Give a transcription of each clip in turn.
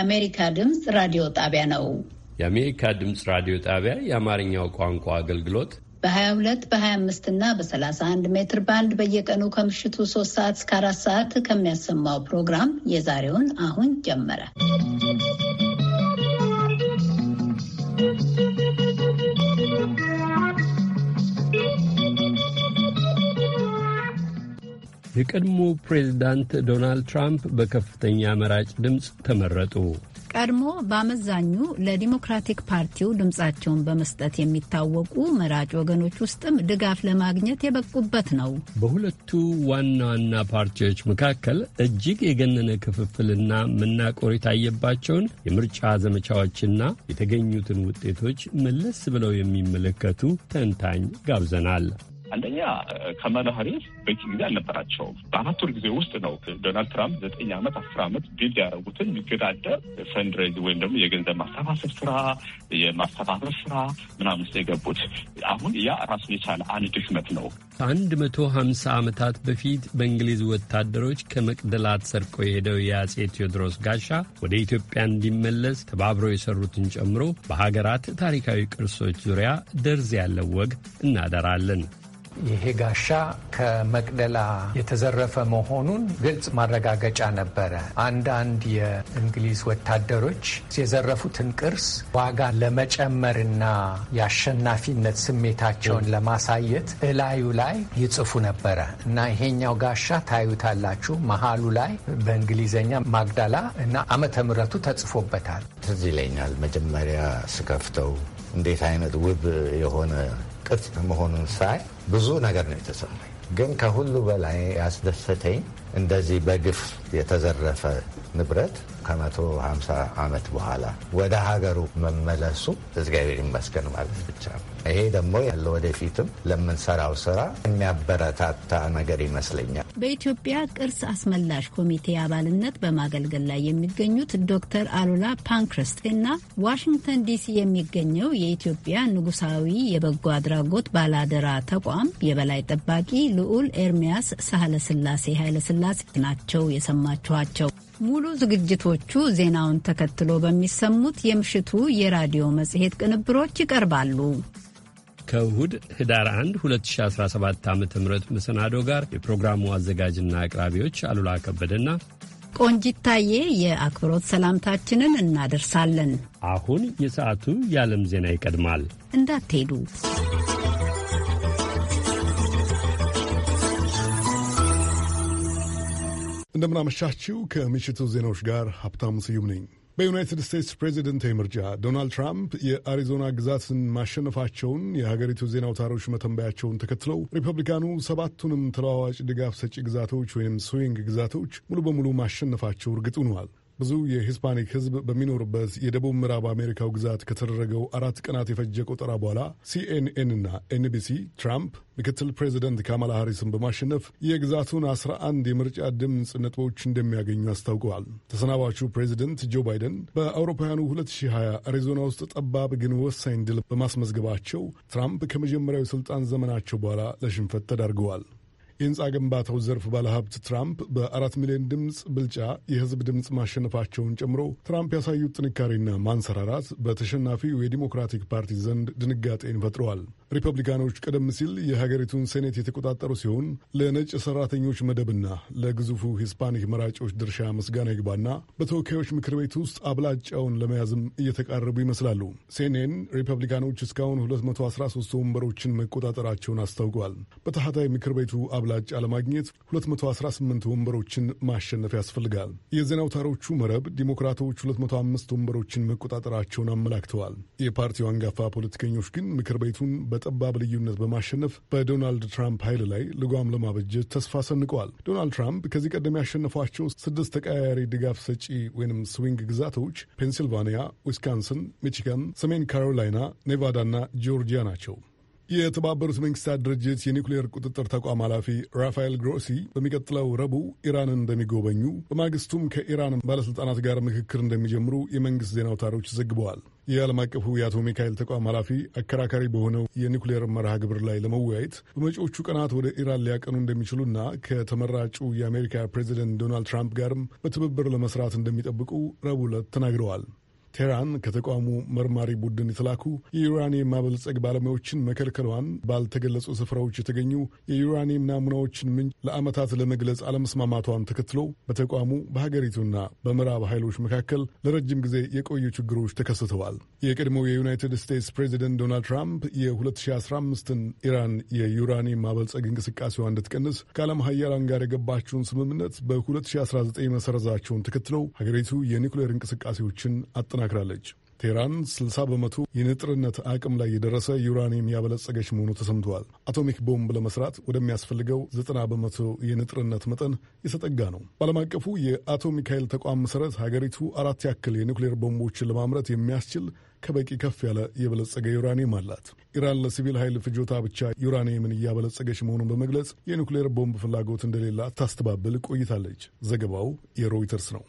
የአሜሪካ ድምፅ ራዲዮ ጣቢያ ነው። የአሜሪካ ድምፅ ራዲዮ ጣቢያ የአማርኛው ቋንቋ አገልግሎት በ22 በ25 እና በ31 ሜትር ባንድ በየቀኑ ከምሽቱ 3 ሰዓት እስከ 4 ሰዓት ከሚያሰማው ፕሮግራም የዛሬውን አሁን ጀመረ። የቀድሞ ፕሬዝዳንት ዶናልድ ትራምፕ በከፍተኛ መራጭ ድምፅ ተመረጡ። ቀድሞ በአመዛኙ ለዲሞክራቲክ ፓርቲው ድምፃቸውን በመስጠት የሚታወቁ መራጭ ወገኖች ውስጥም ድጋፍ ለማግኘት የበቁበት ነው። በሁለቱ ዋና ዋና ፓርቲዎች መካከል እጅግ የገነነ ክፍፍልና መናቆር የታየባቸውን የምርጫ ዘመቻዎችና የተገኙትን ውጤቶች መለስ ብለው የሚመለከቱ ተንታኝ ጋብዘናል። አንደኛ ካማላ ሃሪስ በቂ ጊዜ አልነበራቸውም። በአራት ወር ጊዜ ውስጥ ነው ዶናልድ ትራምፕ ዘጠኝ ዓመት አስር ዓመት ቢልድ ያደረጉትን የሚገዳደር ፈንድሬዝ ወይም ደግሞ የገንዘብ ማሰባሰብ ስራ፣ የማስተባበር ስራ ምናምን ውስጥ የገቡት። አሁን ያ ራሱን የቻለ አንድ ድክመት ነው። ከአንድ መቶ ሀምሳ ዓመታት በፊት በእንግሊዝ ወታደሮች ከመቅደላት ሰርቆ የሄደው የአጼ ቴዎድሮስ ጋሻ ወደ ኢትዮጵያ እንዲመለስ ተባብረው የሰሩትን ጨምሮ በሀገራት ታሪካዊ ቅርሶች ዙሪያ ደርዝ ያለው ወግ እናደራለን። ይሄ ጋሻ ከመቅደላ የተዘረፈ መሆኑን ግልጽ ማረጋገጫ ነበረ። አንዳንድ የእንግሊዝ ወታደሮች የዘረፉትን ቅርስ ዋጋ ለመጨመርና የአሸናፊነት ስሜታቸውን ለማሳየት እላዩ ላይ ይጽፉ ነበረ እና ይሄኛው ጋሻ ታዩታላችሁ መሀሉ ላይ በእንግሊዝኛ ማግዳላ እና ዓመተ ምሕረቱ ተጽፎበታል። ትዝ ይለኛል መጀመሪያ ስከፍተው እንዴት አይነት ውብ የሆነ ቅርጽ መሆኑን ሳይ ብዙ ነገር ነው የተሰማኝ ግን ከሁሉ በላይ ያስደሰተኝ እንደዚህ በግፍ የተዘረፈ ንብረት ከ150 ዓመት በኋላ ወደ ሀገሩ መመለሱ እግዚአብሔር ይመስገን ማለት ብቻ ነው። ይሄ ደግሞ ያለ ወደፊትም ለምንሰራው ስራ የሚያበረታታ ነገር ይመስለኛል። በኢትዮጵያ ቅርስ አስመላሽ ኮሚቴ አባልነት በማገልገል ላይ የሚገኙት ዶክተር አሉላ ፓንክረስቴና ዋሽንግተን ዲሲ የሚገኘው የኢትዮጵያ ንጉሳዊ የበጎ አድራጎት ባላደራ ተቋም የበላይ ጠባቂ ልዑል ኤርሚያስ ሳህለስላሴ ኃይለስላሴ ስላሴ ናቸው የሰማችኋቸው። ሙሉ ዝግጅቶቹ ዜናውን ተከትሎ በሚሰሙት የምሽቱ የራዲዮ መጽሔት ቅንብሮች ይቀርባሉ። ከእሁድ ህዳር 1 2017 ዓ ም መሰናዶ ጋር የፕሮግራሙ አዘጋጅና አቅራቢዎች አሉላ ከበደና ቆንጂታዬ የአክብሮት ሰላምታችንን እናደርሳለን። አሁን የሰዓቱ የዓለም ዜና ይቀድማል። እንዳትሄዱ እንደምናመሻችው ከምሽቱ ዜናዎች ጋር ሀብታሙ ስዩም ነኝ። በዩናይትድ ስቴትስ ፕሬዚደንታዊ ምርጫ ዶናልድ ትራምፕ የአሪዞና ግዛትን ማሸነፋቸውን የሀገሪቱ ዜና አውታሮች መተንበያቸውን ተከትለው ሪፐብሊካኑ ሰባቱንም ተለዋዋጭ ድጋፍ ሰጪ ግዛቶች ወይም ስዊንግ ግዛቶች ሙሉ በሙሉ ማሸነፋቸው እርግጥ ሆኗል። ብዙ የሂስፓኒክ ሕዝብ በሚኖርበት የደቡብ ምዕራብ አሜሪካው ግዛት ከተደረገው አራት ቀናት የፈጀ ቆጠራ በኋላ ሲኤንኤን እና ኤንቢሲ ትራምፕ ምክትል ፕሬዚደንት ካማላ ሃሪስን በማሸነፍ የግዛቱን 11 የምርጫ ድምፅ ነጥቦች እንደሚያገኙ አስታውቀዋል። ተሰናባቹ ፕሬዚደንት ጆ ባይደን በአውሮፓውያኑ 2020 አሪዞና ውስጥ ጠባብ ግን ወሳኝ ድል በማስመዝገባቸው ትራምፕ ከመጀመሪያው የሥልጣን ዘመናቸው በኋላ ለሽንፈት ተዳርገዋል። የህንፃ ግንባታው ዘርፍ ባለሀብት ትራምፕ በአራት ሚሊዮን ድምፅ ብልጫ የህዝብ ድምፅ ማሸነፋቸውን ጨምሮ ትራምፕ ያሳዩት ጥንካሬና ማንሰራራት በተሸናፊው የዲሞክራቲክ ፓርቲ ዘንድ ድንጋጤን ፈጥረዋል። ሪፐብሊካኖች ቀደም ሲል የሀገሪቱን ሴኔት የተቆጣጠሩ ሲሆን ለነጭ ሰራተኞች መደብና ለግዙፉ ሂስፓኒክ መራጮች ድርሻ ምስጋና ይግባና በተወካዮች ምክር ቤት ውስጥ አብላጫውን ለመያዝም እየተቃረቡ ይመስላሉ። ሴኔን ሪፐብሊካኖች እስካሁን 213 ወንበሮችን መቆጣጠራቸውን አስታውቀዋል። በታህታይ ምክር ቤቱ አብላጫ ለማግኘት 218 ወንበሮችን ማሸነፍ ያስፈልጋል። የዜና አውታሮቹ መረብ ዲሞክራቶች 205 ወንበሮችን መቆጣጠራቸውን አመላክተዋል። የፓርቲው አንጋፋ ፖለቲከኞች ግን ምክር ቤቱን በጠባብ ልዩነት በማሸነፍ በዶናልድ ትራምፕ ኃይል ላይ ልጓም ለማበጀት ተስፋ ሰንቀዋል። ዶናልድ ትራምፕ ከዚህ ቀደም ያሸነፏቸው ስድስት ተቀያያሪ ድጋፍ ሰጪ ወይም ስዊንግ ግዛቶች ፔንሲልቫኒያ፣ ዊስካንስን፣ ሚቺጋን፣ ሰሜን ካሮላይና፣ ኔቫዳና ጆርጂያ ናቸው። የተባበሩት መንግስታት ድርጅት የኒውክሌር ቁጥጥር ተቋም ኃላፊ ራፋኤል ግሮሲ በሚቀጥለው ረቡዕ ኢራንን እንደሚጎበኙ በማግስቱም ከኢራን ባለሥልጣናት ጋር ምክክር እንደሚጀምሩ የመንግሥት ዜና አውታሮች ዘግበዋል። የዓለም አቀፉ የአቶሚክ ኃይል ተቋም ኃላፊ አከራካሪ በሆነው የኒውክሌር መርሃ ግብር ላይ ለመወያየት በመጪዎቹ ቀናት ወደ ኢራን ሊያቀኑ እንደሚችሉና ከተመራጩ የአሜሪካ ፕሬዚደንት ዶናልድ ትራምፕ ጋርም በትብብር ለመስራት እንደሚጠብቁ ረቡዕ ዕለት ተናግረዋል። ቴህራን ከተቋሙ መርማሪ ቡድን የተላኩ የዩራኒየም ማበልጸግ ባለሙያዎችን መከልከሏን፣ ባልተገለጹ ስፍራዎች የተገኙ የዩራኒየም ናሙናዎችን ምንጭ ለዓመታት ለመግለጽ አለመስማማቷን ተከትሎ በተቋሙ በሀገሪቱና በምዕራብ ኃይሎች መካከል ለረጅም ጊዜ የቆዩ ችግሮች ተከስተዋል። የቀድሞው የዩናይትድ ስቴትስ ፕሬዚደንት ዶናልድ ትራምፕ የ2015ን ኢራን የዩራኒየም ማበልጸግ እንቅስቃሴዋ እንድትቀንስ ከዓለም ሀያላን ጋር የገባቸውን ስምምነት በ2019 መሰረዛቸውን ተከትለው ሀገሪቱ የኒኩሌር እንቅስቃሴዎችን አጠ አጠናክራለች። ቴህራን 60 በመቶ የንጥርነት አቅም ላይ የደረሰ ዩራኒየም ያበለጸገች መሆኑ ተሰምተዋል። አቶሚክ ቦምብ ለመስራት ወደሚያስፈልገው 90 በመቶ የንጥርነት መጠን የተጠጋ ነው። በዓለም አቀፉ የአቶሚክ ኃይል ተቋም መሠረት ሀገሪቱ አራት ያክል የኒውክሌር ቦምቦችን ለማምረት የሚያስችል ከበቂ ከፍ ያለ የበለጸገ ዩራኒየም አላት። ኢራን ለሲቪል ኃይል ፍጆታ ብቻ ዩራኒየምን እያበለጸገች መሆኑን በመግለጽ የኒውክሌር ቦምብ ፍላጎት እንደሌላ ታስተባብል ቆይታለች። ዘገባው የሮይተርስ ነው።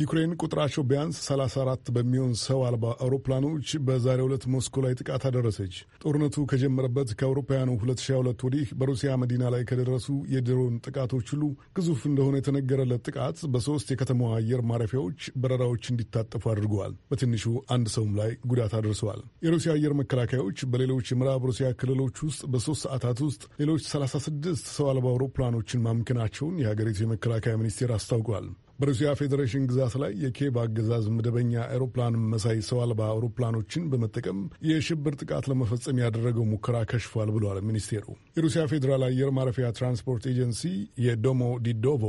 ዩክሬን ቁጥራቸው ቢያንስ 34 በሚሆን ሰው አልባ አውሮፕላኖች በዛሬ ዕለት ሞስኮ ላይ ጥቃት አደረሰች። ጦርነቱ ከጀመረበት ከአውሮፓውያኑ 2022 ወዲህ በሩሲያ መዲና ላይ ከደረሱ የድሮን ጥቃቶች ሁሉ ግዙፍ እንደሆነ የተነገረለት ጥቃት በሶስት የከተማዋ አየር ማረፊያዎች በረራዎች እንዲታጠፉ አድርገዋል። በትንሹ አንድ ሰውም ላይ ጉዳት አድርሰዋል። የሩሲያ አየር መከላከያዎች በሌሎች የምዕራብ ሩሲያ ክልሎች ውስጥ በሶስት ሰዓታት ውስጥ ሌሎች 36 ሰው አልባ አውሮፕላኖችን ማምከናቸውን የሀገሪቱ የመከላከያ ሚኒስቴር አስታውቋል። በሩሲያ ፌዴሬሽን ግዛት ላይ የኬቭ አገዛዝ መደበኛ አውሮፕላን መሳይ ሰው አልባ አውሮፕላኖችን በመጠቀም የሽብር ጥቃት ለመፈጸም ያደረገው ሙከራ ከሽፏል ብሏል ሚኒስቴሩ። የሩሲያ ፌዴራል አየር ማረፊያ ትራንስፖርት ኤጀንሲ የዶሞ ዲዶቮ፣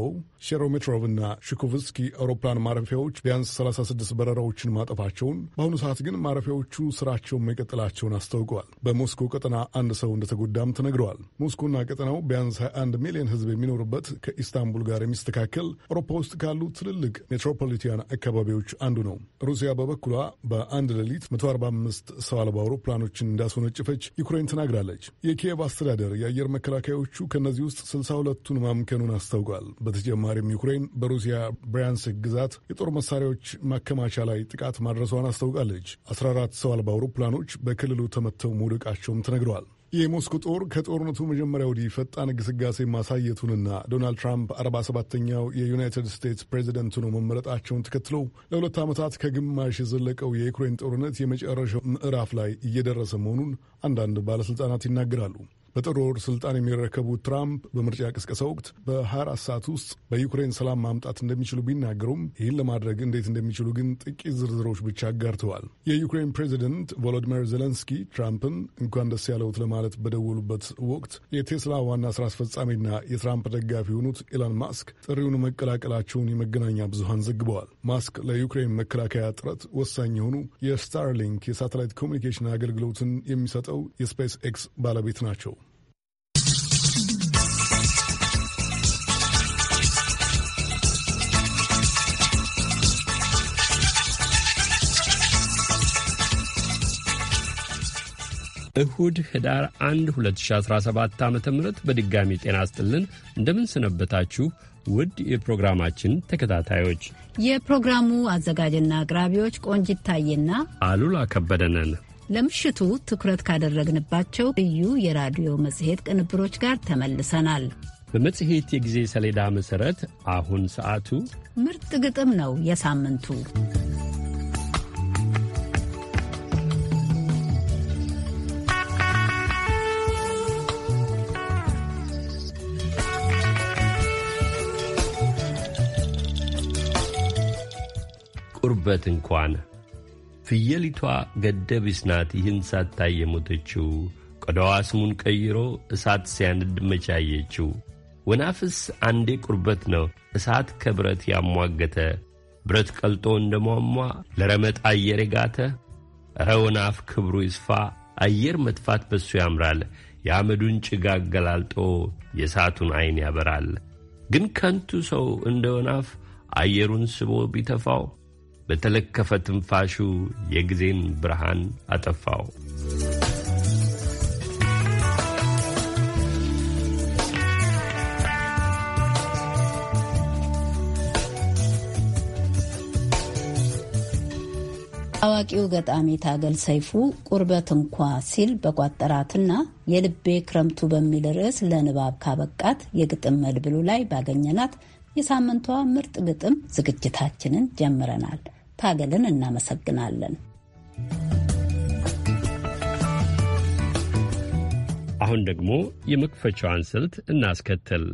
ሼሮሜትሮቭ እና ሽኩቭስኪ አውሮፕላን ማረፊያዎች ቢያንስ 36 በረራዎችን ማጠፋቸውን፣ በአሁኑ ሰዓት ግን ማረፊያዎቹ ስራቸውን መቀጠላቸውን አስታውቀዋል። በሞስኮ ቀጠና አንድ ሰው እንደተጎዳም ተነግረዋል። ሞስኮና ቀጠናው ቢያንስ 21 ሚሊዮን ህዝብ የሚኖርበት ከኢስታንቡል ጋር የሚስተካከል አውሮፓ ውስጥ ካሉ ካሉ ትልልቅ ሜትሮፖሊቲያን አካባቢዎች አንዱ ነው። ሩሲያ በበኩሏ በአንድ ሌሊት 145 ሰው አልባ አውሮፕላኖችን እንዳስወነጭፈች ዩክሬን ተናግራለች። የኪየቭ አስተዳደር የአየር መከላከያዎቹ ከእነዚህ ውስጥ 62ቱን ማምከኑን አስታውቋል። በተጨማሪም ዩክሬን በሩሲያ ብሪያንስክ ግዛት የጦር መሳሪያዎች ማከማቻ ላይ ጥቃት ማድረሷን አስታውቃለች። 14 ሰው አልባ አውሮፕላኖች በክልሉ ተመተው መውደቃቸውም ተነግረዋል። የሞስኮ ጦር ከጦርነቱ መጀመሪያ ወዲህ ፈጣን ግስጋሴ ማሳየቱንና ዶናልድ ትራምፕ 47ተኛው የዩናይትድ ስቴትስ ፕሬዚደንት ሆኖ መመረጣቸውን ተከትሎ ለሁለት ዓመታት ከግማሽ የዘለቀው የዩክሬን ጦርነት የመጨረሻው ምዕራፍ ላይ እየደረሰ መሆኑን አንዳንድ ባለሥልጣናት ይናገራሉ። በጥር ወር ስልጣን የሚረከቡት ትራምፕ በምርጫ ቅስቀሳ ወቅት በ24 ሰዓት ውስጥ በዩክሬን ሰላም ማምጣት እንደሚችሉ ቢናገሩም ይህን ለማድረግ እንዴት እንደሚችሉ ግን ጥቂት ዝርዝሮች ብቻ አጋርተዋል። የዩክሬን ፕሬዚደንት ቮሎዲሚር ዜሌንስኪ ትራምፕን እንኳን ደስ ያለውት ለማለት በደወሉበት ወቅት የቴስላ ዋና ስራ አስፈጻሚና የትራምፕ ደጋፊ የሆኑት ኢላን ማስክ ጥሪውን መቀላቀላቸውን የመገናኛ ብዙሃን ዘግበዋል። ማስክ ለዩክሬን መከላከያ ጥረት ወሳኝ የሆኑ የስታርሊንክ የሳተላይት ኮሚኒኬሽን አገልግሎትን የሚሰጠው የስፔስ ኤክስ ባለቤት ናቸው። እሁድ ህዳር 1 2017 ዓ ም በድጋሚ ጤና ስጥልን። እንደምንሰነበታችሁ ውድ የፕሮግራማችን ተከታታዮች። የፕሮግራሙ አዘጋጅና አቅራቢዎች ቆንጂት ታየና አሉላ ከበደ ለምሽቱ ትኩረት ካደረግንባቸው ልዩ የራዲዮ መጽሔት ቅንብሮች ጋር ተመልሰናል። በመጽሔት የጊዜ ሰሌዳ መሠረት አሁን ሰዓቱ ምርጥ ግጥም ነው። የሳምንቱ ቁርበት እንኳን ፍየሊቷ ገደቢስ ናት ይህን ሳታይ የሞተችው ቆዳዋ ስሙን ቀይሮ እሳት ሲያንድ መቻየችው ወናፍስ አንዴ ቁርበት ነው እሳት ከብረት ያሟገተ ብረት ቀልጦ እንደ ሟሟ ለረመጥ አየር የጋተ እረ ወናፍ ክብሩ ይስፋ አየር መጥፋት በሱ ያምራል የአመዱን ጭጋግ ገላልጦ የእሳቱን ዐይን ያበራል ግን ከንቱ ሰው እንደ ወናፍ አየሩን ስቦ ቢተፋው በተለከፈ ትንፋሹ የጊዜን ብርሃን አጠፋው። ታዋቂው ገጣሚ ታገል ሰይፉ ቁርበት እንኳ ሲል በቋጠራትና የልቤ ክረምቱ በሚል ርዕስ ለንባብ ካበቃት የግጥም መድብሉ ላይ ባገኘናት የሳምንቷ ምርጥ ግጥም ዝግጅታችንን ጀምረናል። ታገልን እናመሰግናለን። አሁን ደግሞ የመክፈቻዋን ስልት እናስከትል።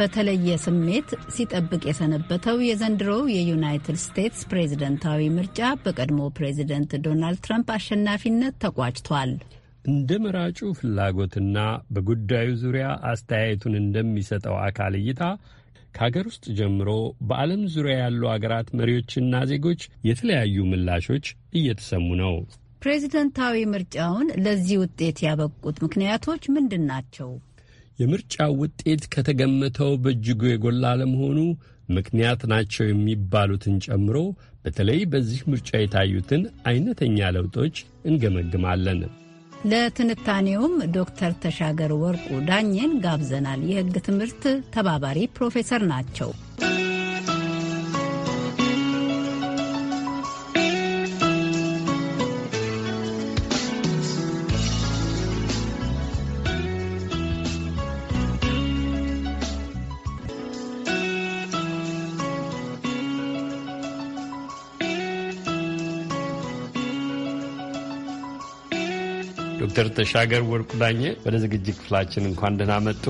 በተለየ ስሜት ሲጠብቅ የሰነበተው የዘንድሮው የዩናይትድ ስቴትስ ፕሬዝደንታዊ ምርጫ በቀድሞ ፕሬዝደንት ዶናልድ ትራምፕ አሸናፊነት ተቋጭቷል። እንደ መራጩ ፍላጎትና በጉዳዩ ዙሪያ አስተያየቱን እንደሚሰጠው አካል እይታ ከሀገር ውስጥ ጀምሮ በዓለም ዙሪያ ያሉ አገራት መሪዎችና ዜጎች የተለያዩ ምላሾች እየተሰሙ ነው። ፕሬዝደንታዊ ምርጫውን ለዚህ ውጤት ያበቁት ምክንያቶች ምንድን ናቸው? የምርጫው ውጤት ከተገመተው በእጅጉ የጎላ ለመሆኑ ምክንያት ናቸው የሚባሉትን ጨምሮ በተለይ በዚህ ምርጫ የታዩትን አይነተኛ ለውጦች እንገመግማለን። ለትንታኔውም ዶክተር ተሻገር ወርቁ ዳኘን ጋብዘናል። የሕግ ትምህርት ተባባሪ ፕሮፌሰር ናቸው። ዶክተር ተሻገር ወርቁ ዳኘ ወደ ዝግጅት ክፍላችን እንኳን ደህና መጡ።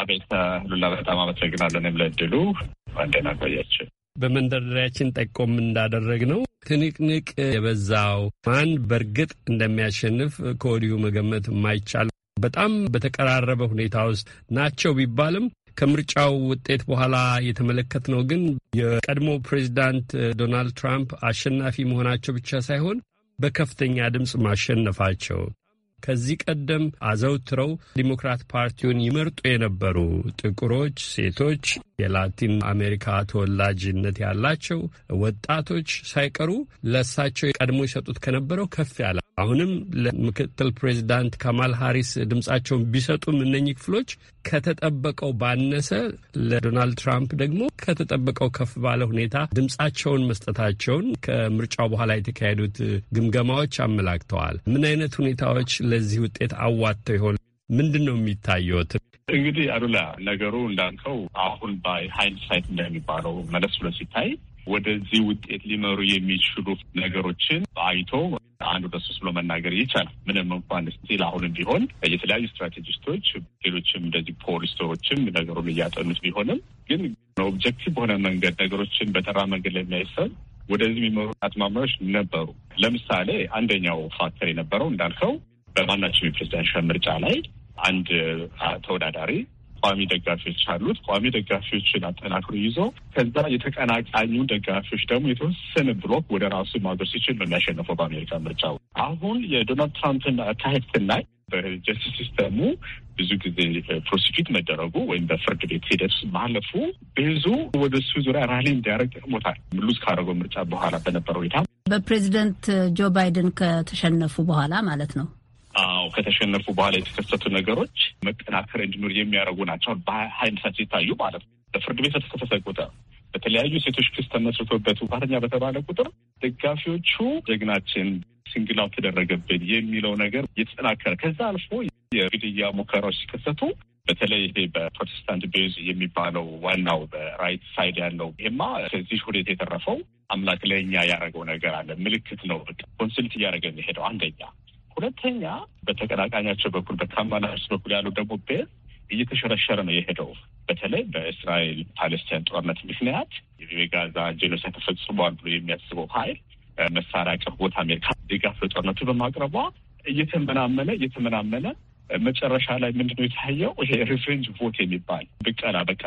አቤት ሉላ፣ በጣም አመሰግናለን ለድሉ ደህና ቆያችን። በመንደርደሪያችን ጠቆም እንዳደረግ ነው ትንቅንቅ የበዛው ማን በእርግጥ እንደሚያሸንፍ ከወዲሁ መገመት የማይቻል በጣም በተቀራረበ ሁኔታ ውስጥ ናቸው ቢባልም ከምርጫው ውጤት በኋላ የተመለከትነው ግን የቀድሞ ፕሬዚዳንት ዶናልድ ትራምፕ አሸናፊ መሆናቸው ብቻ ሳይሆን በከፍተኛ ድምፅ ማሸነፋቸው ከዚህ ቀደም አዘውትረው ዲሞክራት ፓርቲውን ይመርጡ የነበሩ ጥቁሮች፣ ሴቶች፣ የላቲን አሜሪካ ተወላጅነት ያላቸው ወጣቶች ሳይቀሩ ለእሳቸው ቀድሞ ይሰጡት ከነበረው ከፍ ያለ አሁንም ለምክትል ፕሬዚዳንት ካማል ሃሪስ ድምጻቸውን ቢሰጡም እነኚህ ክፍሎች ከተጠበቀው ባነሰ ለዶናልድ ትራምፕ ደግሞ ከተጠበቀው ከፍ ባለ ሁኔታ ድምጻቸውን መስጠታቸውን ከምርጫው በኋላ የተካሄዱት ግምገማዎች አመላክተዋል። ምን አይነት ሁኔታዎች ለዚህ ውጤት አዋጥተው ይሆን? ምንድን ነው የሚታየውት? እንግዲህ አሉላ ነገሩ እንዳልከው አሁን ባይ ሃይንድ ሳይት እንደሚባለው መለስ ብሎ ሲታይ ወደዚህ ውጤት ሊመሩ የሚችሉ ነገሮችን አይቶ አንድ ወደ ሶስት ብሎ መናገር ይቻላል። ምንም እንኳን ስቲል አሁንም ቢሆን የተለያዩ ስትራቴጂስቶች፣ ሌሎችም እንደዚህ ፖሊስቶችም ነገሩን እያጠኑት ቢሆንም ግን ኦብጀክቲቭ በሆነ መንገድ ነገሮችን በተራ መንገድ ለሚያይሰብ ወደዚህ የሚመሩ አጥማሚያዎች ነበሩ። ለምሳሌ አንደኛው ፋክተር የነበረው እንዳልከው በማናቸውም የፕሬዚዳንሻል ምርጫ ላይ አንድ ተወዳዳሪ ቋሚ ደጋፊዎች አሉት። ቋሚ ደጋፊዎችን አጠናክሮ ይዞ ከዛ የተቀናቃኙን ደጋፊዎች ደግሞ የተወሰነ ብሎክ ወደ ራሱ ማዞር ሲችል ነው የሚያሸንፈው በአሜሪካ ምርጫ። አሁን የዶናልድ ትራምፕን አካሄድ ስናይ በጀስቲስ ሲስተሙ ብዙ ጊዜ ፕሮሲኪዩት መደረጉ ወይም በፍርድ ቤት ሂደት ማለፉ ብዙ ወደ እሱ ዙሪያ ራሊ እንዲያደርግ ጠቅሞታል። ሉዝ ካደረገው ምርጫ በኋላ በነበረ ሁኔታ በፕሬዚደንት ጆ ባይደን ከተሸነፉ በኋላ ማለት ነው። አዎ ከተሸነፉ በኋላ የተከሰቱ ነገሮች መጠናከር እንዲኖር የሚያደርጉ ናቸው። በሀይንሳት ሲታዩ ማለት ነው። ለፍርድ ቤት በተከሰሰ ቁጥር በተለያዩ ሴቶች ክስ ተመስርቶበት ጥፋተኛ በተባለ ቁጥር ደጋፊዎቹ ጀግናችን ስንግላው ተደረገብን የሚለው ነገር የተጠናከረ ከዛ አልፎ የግድያ ሙከራዎች ሲከሰቱ በተለይ ይሄ በፕሮቴስታንት ቤዝ የሚባለው ዋናው በራይት ሳይድ ያለው ይሄማ ከዚህ ሁኔታ የተረፈው አምላክ ለእኛ ያደረገው ነገር አለ፣ ምልክት ነው፣ ኮንስልት እያደረገ የሚሄደው አንደኛ ሁለተኛ በተቀናቃኛቸው በኩል በካማላስ በኩል ያሉ ደግሞ ቤዝ እየተሸረሸረ ነው የሄደው። በተለይ በእስራኤል ፓለስቲን ጦርነት ምክንያት የጋዛ ጄኖሳይድ ተፈጽሟል ብሎ የሚያስበው ሀይል መሳሪያ አቅርቦት አሜሪካ ድጋፍ ለጦርነቱ በማቅረቧ እየተመናመነ እየተመናመነ መጨረሻ ላይ ምንድነው የታየው? ይሄ ሪቨንጅ ቮት የሚባል ብቀላ በቃ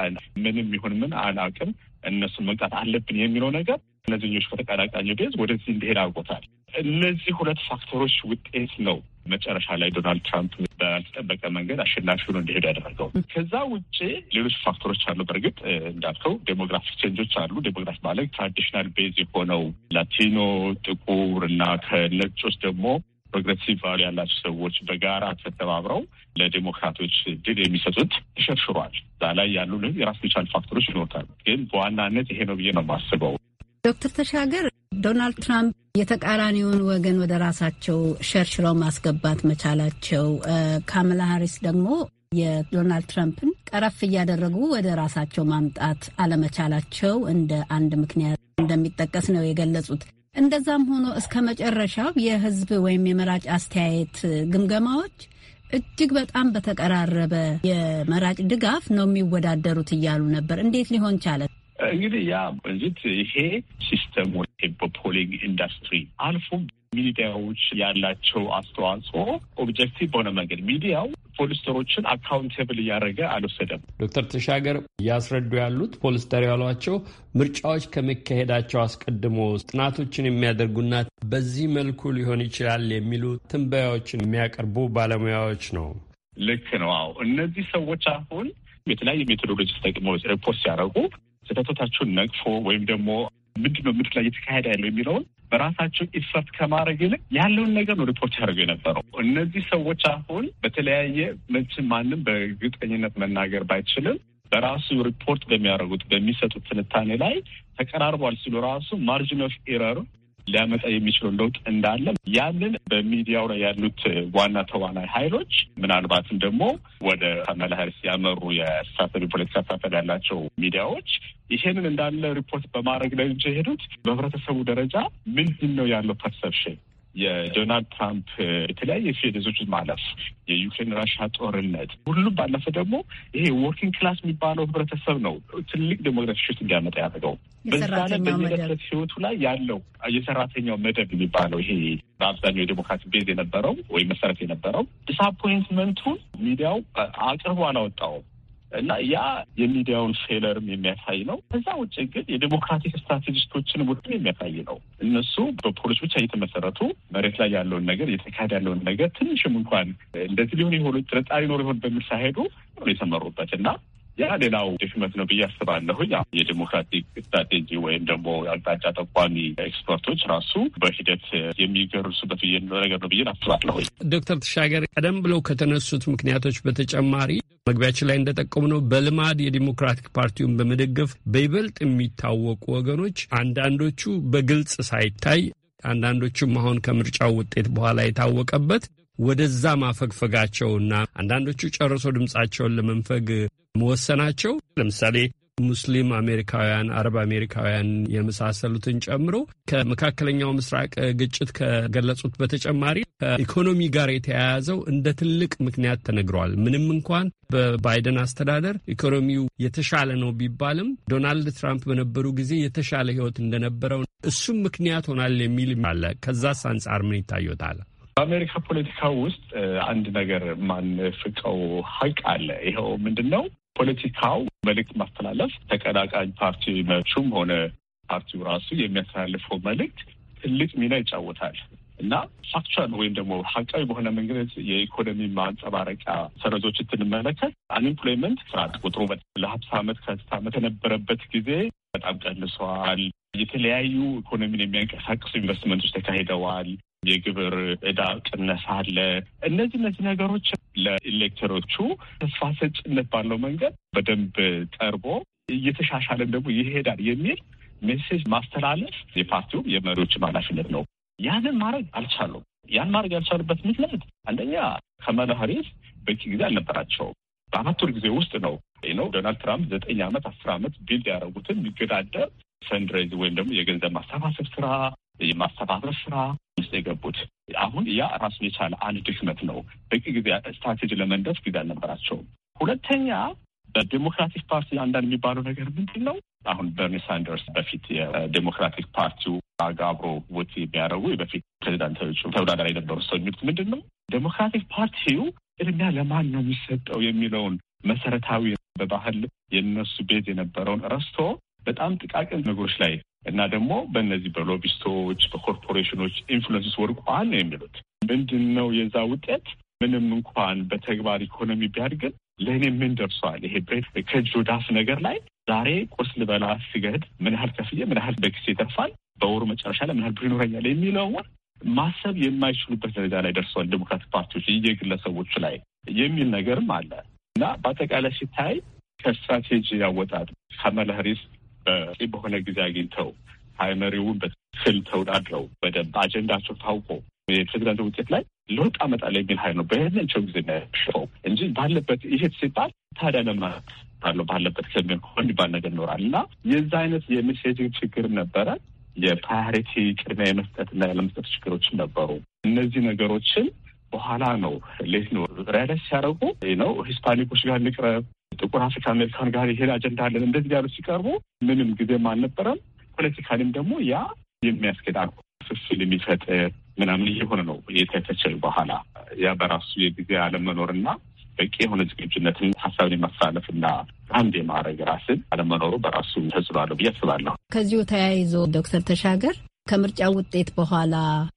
ምንም ይሁን ምን አላውቅም፣ እነሱን መምጣት አለብን የሚለው ነገር እነዚህኞች ከተቀናቃኝ ቤዝ ወደዚህ እንዲሄድ አርጎታል። እነዚህ ሁለት ፋክተሮች ውጤት ነው መጨረሻ ላይ ዶናልድ ትራምፕ ባልተጠበቀ መንገድ አሸናፊ ሆኖ እንዲሄዱ ያደረገው። ከዛ ውጭ ሌሎች ፋክተሮች አሉ። በእርግጥ እንዳልከው ዴሞግራፊክ ቼንጆች አሉ። ዴሞግራፊ ማለት ትራዲሽናል ቤዝ የሆነው ላቲኖ፣ ጥቁር እና ከነጮች ደግሞ ፕሮግረሲቭ ቫሉ ያላቸው ሰዎች በጋራ ተተባብረው ለዴሞክራቶች ድል የሚሰጡት ተሸርሽሯል። እዛ ላይ ያሉ የራስ ሚቻል ፋክተሮች ይኖርታሉ። ግን በዋናነት ይሄ ነው ብዬ ነው የማስበው። ዶክተር ተሻገር ዶናልድ ትራምፕ የተቃራኒውን ወገን ወደ ራሳቸው ሸርሽረው ማስገባት መቻላቸው፣ ካማላ ሃሪስ ደግሞ የዶናልድ ትራምፕን ቀረፍ እያደረጉ ወደ ራሳቸው ማምጣት አለመቻላቸው እንደ አንድ ምክንያት እንደሚጠቀስ ነው የገለጹት። እንደዛም ሆኖ እስከ መጨረሻው የህዝብ ወይም የመራጭ አስተያየት ግምገማዎች እጅግ በጣም በተቀራረበ የመራጭ ድጋፍ ነው የሚወዳደሩት እያሉ ነበር። እንዴት ሊሆን ቻለ? እንግዲህ ያ በዚት ይሄ ሲስተም ወይ በፖሊንግ ኢንዱስትሪ አልፎ ሚዲያዎች ያላቸው አስተዋጽኦ ኦብጀክቲቭ በሆነ መንገድ ሚዲያው ፖሊስተሮችን አካውንቴብል እያደረገ አልወሰደም። ዶክተር ተሻገር እያስረዱ ያሉት ፖሊስተር ያሏቸው ምርጫዎች ከመካሄዳቸው አስቀድሞ ጥናቶችን የሚያደርጉና በዚህ መልኩ ሊሆን ይችላል የሚሉ ትንበያዎችን የሚያቀርቡ ባለሙያዎች ነው። ልክ ነው። አዎ እነዚህ ሰዎች አሁን የተለያዩ ሜቶዶሎጂ ተጠቅመው ሪፖርት ሲያደርጉ ስህተቶቻቸውን ነቅፎ ወይም ደግሞ ምንድነው ምድር ላይ እየተካሄደ ያለው የሚለውን በራሳቸው ኢሰርት ከማድረግ ይልቅ ያለውን ነገር ነው ሪፖርት ያደርገው የነበረው። እነዚህ ሰዎች አሁን በተለያየ መቼም ማንም በእርግጠኝነት መናገር ባይችልም በራሱ ሪፖርት በሚያደርጉት በሚሰጡት ትንታኔ ላይ ተቀራርቧል ሲሉ ራሱ ማርጂን ኦፍ ኤረር ሊያመጣ የሚችለው ለውጥ እንዳለ ያንን በሚዲያው ላይ ያሉት ዋና ተዋናይ ኃይሎች ምናልባትም ደግሞ ወደ ካማላ ሃሪስ ያመሩ የአስተሳሰብ ፖለቲካ አስተሳሰብ ያላቸው ሚዲያዎች ይሄንን እንዳለ ሪፖርት በማድረግ ላይ እንጂ የሄዱት በህብረተሰቡ ደረጃ ምንድን ነው ያለው ፐርሰፕሽን የዶናልድ ትራምፕ የተለያየ ፌዴዞች ማለፍ፣ የዩክሬን ራሻ ጦርነት ሁሉም ባለፈ ደግሞ ይሄ ወርኪንግ ክላስ የሚባለው ህብረተሰብ ነው ትልቅ ዴሞክራሲ ሽት እንዲያመጣ ያደርገው በዛ ላይ በየዕለት ህይወቱ ላይ ያለው የሰራተኛው መደብ የሚባለው ይሄ በአብዛኛው የዴሞክራሲ ቤዝ የነበረው ወይም መሰረት የነበረው ዲስአፖይንትመንቱን ሚዲያው አቅርቦ አላወጣውም። እና ያ የሚዲያውን ፌለርም የሚያሳይ ነው። ከዛ ውጭ ግን የዴሞክራቲክ ስትራቴጂስቶችን ቡድን የሚያሳይ ነው። እነሱ በፖሊስ ብቻ እየተመሰረቱ መሬት ላይ ያለውን ነገር እየተካሄደ ያለውን ነገር ትንሽም እንኳን እንደዚህ ሊሆን የሆኑ ጥርጣሬ ኖር ይሆን በሚል ሳይሄዱ የተመሩበት እና ያ ሌላው ድክመት ነው ብዬ አስባለሁ። የዲሞክራቲክ ስትራቴጂ ወይም ደግሞ አቅጣጫ ጠቋሚ ኤክስፐርቶች ራሱ በሂደት የሚገርሱበት ነገር ነው ብዬ አስባለሁ። ዶክተር ተሻገር ቀደም ብለው ከተነሱት ምክንያቶች በተጨማሪ መግቢያችን ላይ ነው በልማድ የዲሞክራቲክ ፓርቲውን በመደገፍ በይበልጥ የሚታወቁ ወገኖች አንዳንዶቹ በግልጽ ሳይታይ አንዳንዶቹም አሁን ከምርጫው ውጤት በኋላ የታወቀበት ወደዛ ማፈግፈጋቸውና አንዳንዶቹ ጨርሶ ድምፃቸውን ለመንፈግ መወሰናቸው ለምሳሌ ሙስሊም አሜሪካውያን፣ አረብ አሜሪካውያን የመሳሰሉትን ጨምሮ ከመካከለኛው ምስራቅ ግጭት ከገለጹት በተጨማሪ ከኢኮኖሚ ጋር የተያያዘው እንደ ትልቅ ምክንያት ተነግሯል። ምንም እንኳን በባይደን አስተዳደር ኢኮኖሚው የተሻለ ነው ቢባልም ዶናልድ ትራምፕ በነበሩ ጊዜ የተሻለ ሕይወት እንደነበረው እሱም ምክንያት ሆናል የሚል አለ። ከዛስ አንጻር ምን ይታየዎታል? በአሜሪካ ፖለቲካ ውስጥ አንድ ነገር ማንፍቀው ሀቅ አለ። ይኸው ምንድን ነው? ፖለቲካው መልእክት ማስተላለፍ ተቀናቃኝ ፓርቲ መቹም ሆነ ፓርቲው ራሱ የሚያስተላልፈው መልእክት ትልቅ ሚና ይጫወታል እና ፋክቹዋል ወይም ደግሞ ሀቃዊ በሆነ መንገድ የኢኮኖሚ ማንጸባረቂያ ሰነዶችን ስንመለከት አንኤምፕሎይመንት ስራ ቁጥሩ ለሀምሳ ዓመት ከስት ዓመት የነበረበት ጊዜ በጣም ቀንሷል። የተለያዩ ኢኮኖሚን የሚያንቀሳቅሱ ኢንቨስትመንቶች ተካሂደዋል። የግብር እዳ ቅነሳ አለ። እነዚህ እነዚህ ነገሮች ለኤሌክተሮቹ ተስፋ ሰጭነት ባለው መንገድ በደንብ ጠርቦ እየተሻሻለን ደግሞ ይሄዳል የሚል ሜሴጅ ማስተላለፍ የፓርቲው የመሪዎችም ኃላፊነት ነው። ያንን ማድረግ አልቻሉም። ያን ማድረግ ያልቻሉበት ምክንያት አንደኛ ካማላ ሃሪስ በቂ ጊዜ አልነበራቸውም። በአራት ወር ጊዜ ውስጥ ነው ነው ዶናልድ ትራምፕ ዘጠኝ ዓመት አስር ዓመት ቢልድ ያደረጉትን የሚገዳደር ፈንድሬዝ ወይም ደግሞ የገንዘብ ማሰባሰብ ስራ የማስተባበር ስራ ውስጥ የገቡት አሁን ያ ራሱን የቻለ አንድ ድክመት ነው። በቂ ጊዜ ስትራቴጂ ለመንደፍ ጊዜ አልነበራቸውም። ሁለተኛ በዴሞክራቲክ ፓርቲ አንዳንድ የሚባለው ነገር ምንድን ነው? አሁን በርኒ ሳንደርስ በፊት የዴሞክራቲክ ፓርቲው አጋብሮ ውት የሚያደርጉ የበፊት ፕሬዚዳንቶቹ ተወዳዳሪ የነበሩ ሰው የሚሉት ምንድን ነው? ዴሞክራቲክ ፓርቲው ቅድሚያ ለማን ነው የሚሰጠው የሚለውን መሰረታዊ በባህል የነሱ ቤዝ የነበረውን ረስቶ በጣም ጥቃቅን ነገሮች ላይ እና ደግሞ በእነዚህ በሎቢስቶች በኮርፖሬሽኖች ኢንፍሉዌንስ ወድቋል ነው የሚሉት። ምንድን ነው የዛ ውጤት? ምንም እንኳን በተግባር ኢኮኖሚ ቢያድግን ለእኔ ምን ደርሷል? ይሄ ብሬት ከእጅ ወደ ነገር ላይ ዛሬ ቁርስ ልበላ ስገድ ምን ያህል ከፍዬ ምን ያህል በኪሴ ይተርፋል፣ በወሩ መጨረሻ ላይ ምን ያህል ብር ይኖረኛል የሚለውን ማሰብ የማይችሉበት ደረጃ ላይ ደርሷል። ዲሞክራቲክ ፓርቲዎች የግለሰቦች ላይ የሚል ነገርም አለ እና በአጠቃላይ ሲታይ ከስትራቴጂ አወጣጥ ካማላ ሃሪስ በቂ በሆነ ጊዜ አግኝተው ፕራይመሪውን በትክክል ተወዳድረው በደንብ አጀንዳቸው ታውቆ የፕሬዚዳንት ውጤት ላይ ለውጥ አመጣለሁ የሚል ሀይል ነው በየትኛቸው ጊዜ የሚያሸፈው እንጂ ባለበት ይሄት ሲባል ታዲያ ለማ ባለው ባለበት ከሚል ከሆን ነገር ይኖራል እና የዛ አይነት የሜሴጂንግ ችግር ነበረ። የፕራዮሪቲ ቅድሚያ የመስጠት እና ያለመስጠት ችግሮችን ነበሩ። እነዚህ ነገሮችን በኋላ ነው ሌት ነው ሪያላይዝ ሲያደርጉ ነው ሂስፓኒኮች ጋር እንቅረብ ጥቁር አፍሪካ አሜሪካን ጋር ይሄን አጀንዳ አለን እንደዚህ ያሉ ሲቀርቡ ምንም ጊዜም አልነበረም። ፖለቲካሊም ደግሞ ያ የሚያስኬድ አልኩ የሚፈጥር ምናምን እየሆነ ነው የተተቸል በኋላ ያ በራሱ የጊዜ አለመኖርና በቂ የሆነ ዝግጁነትን ሀሳብን የማስተላለፍ እና አንድ የማድረግ ራስን አለመኖሩ በራሱ ተጽዕኖ አለው ብዬ አስባለሁ። ከዚሁ ተያይዞ ዶክተር ተሻገር ከምርጫ ውጤት በኋላ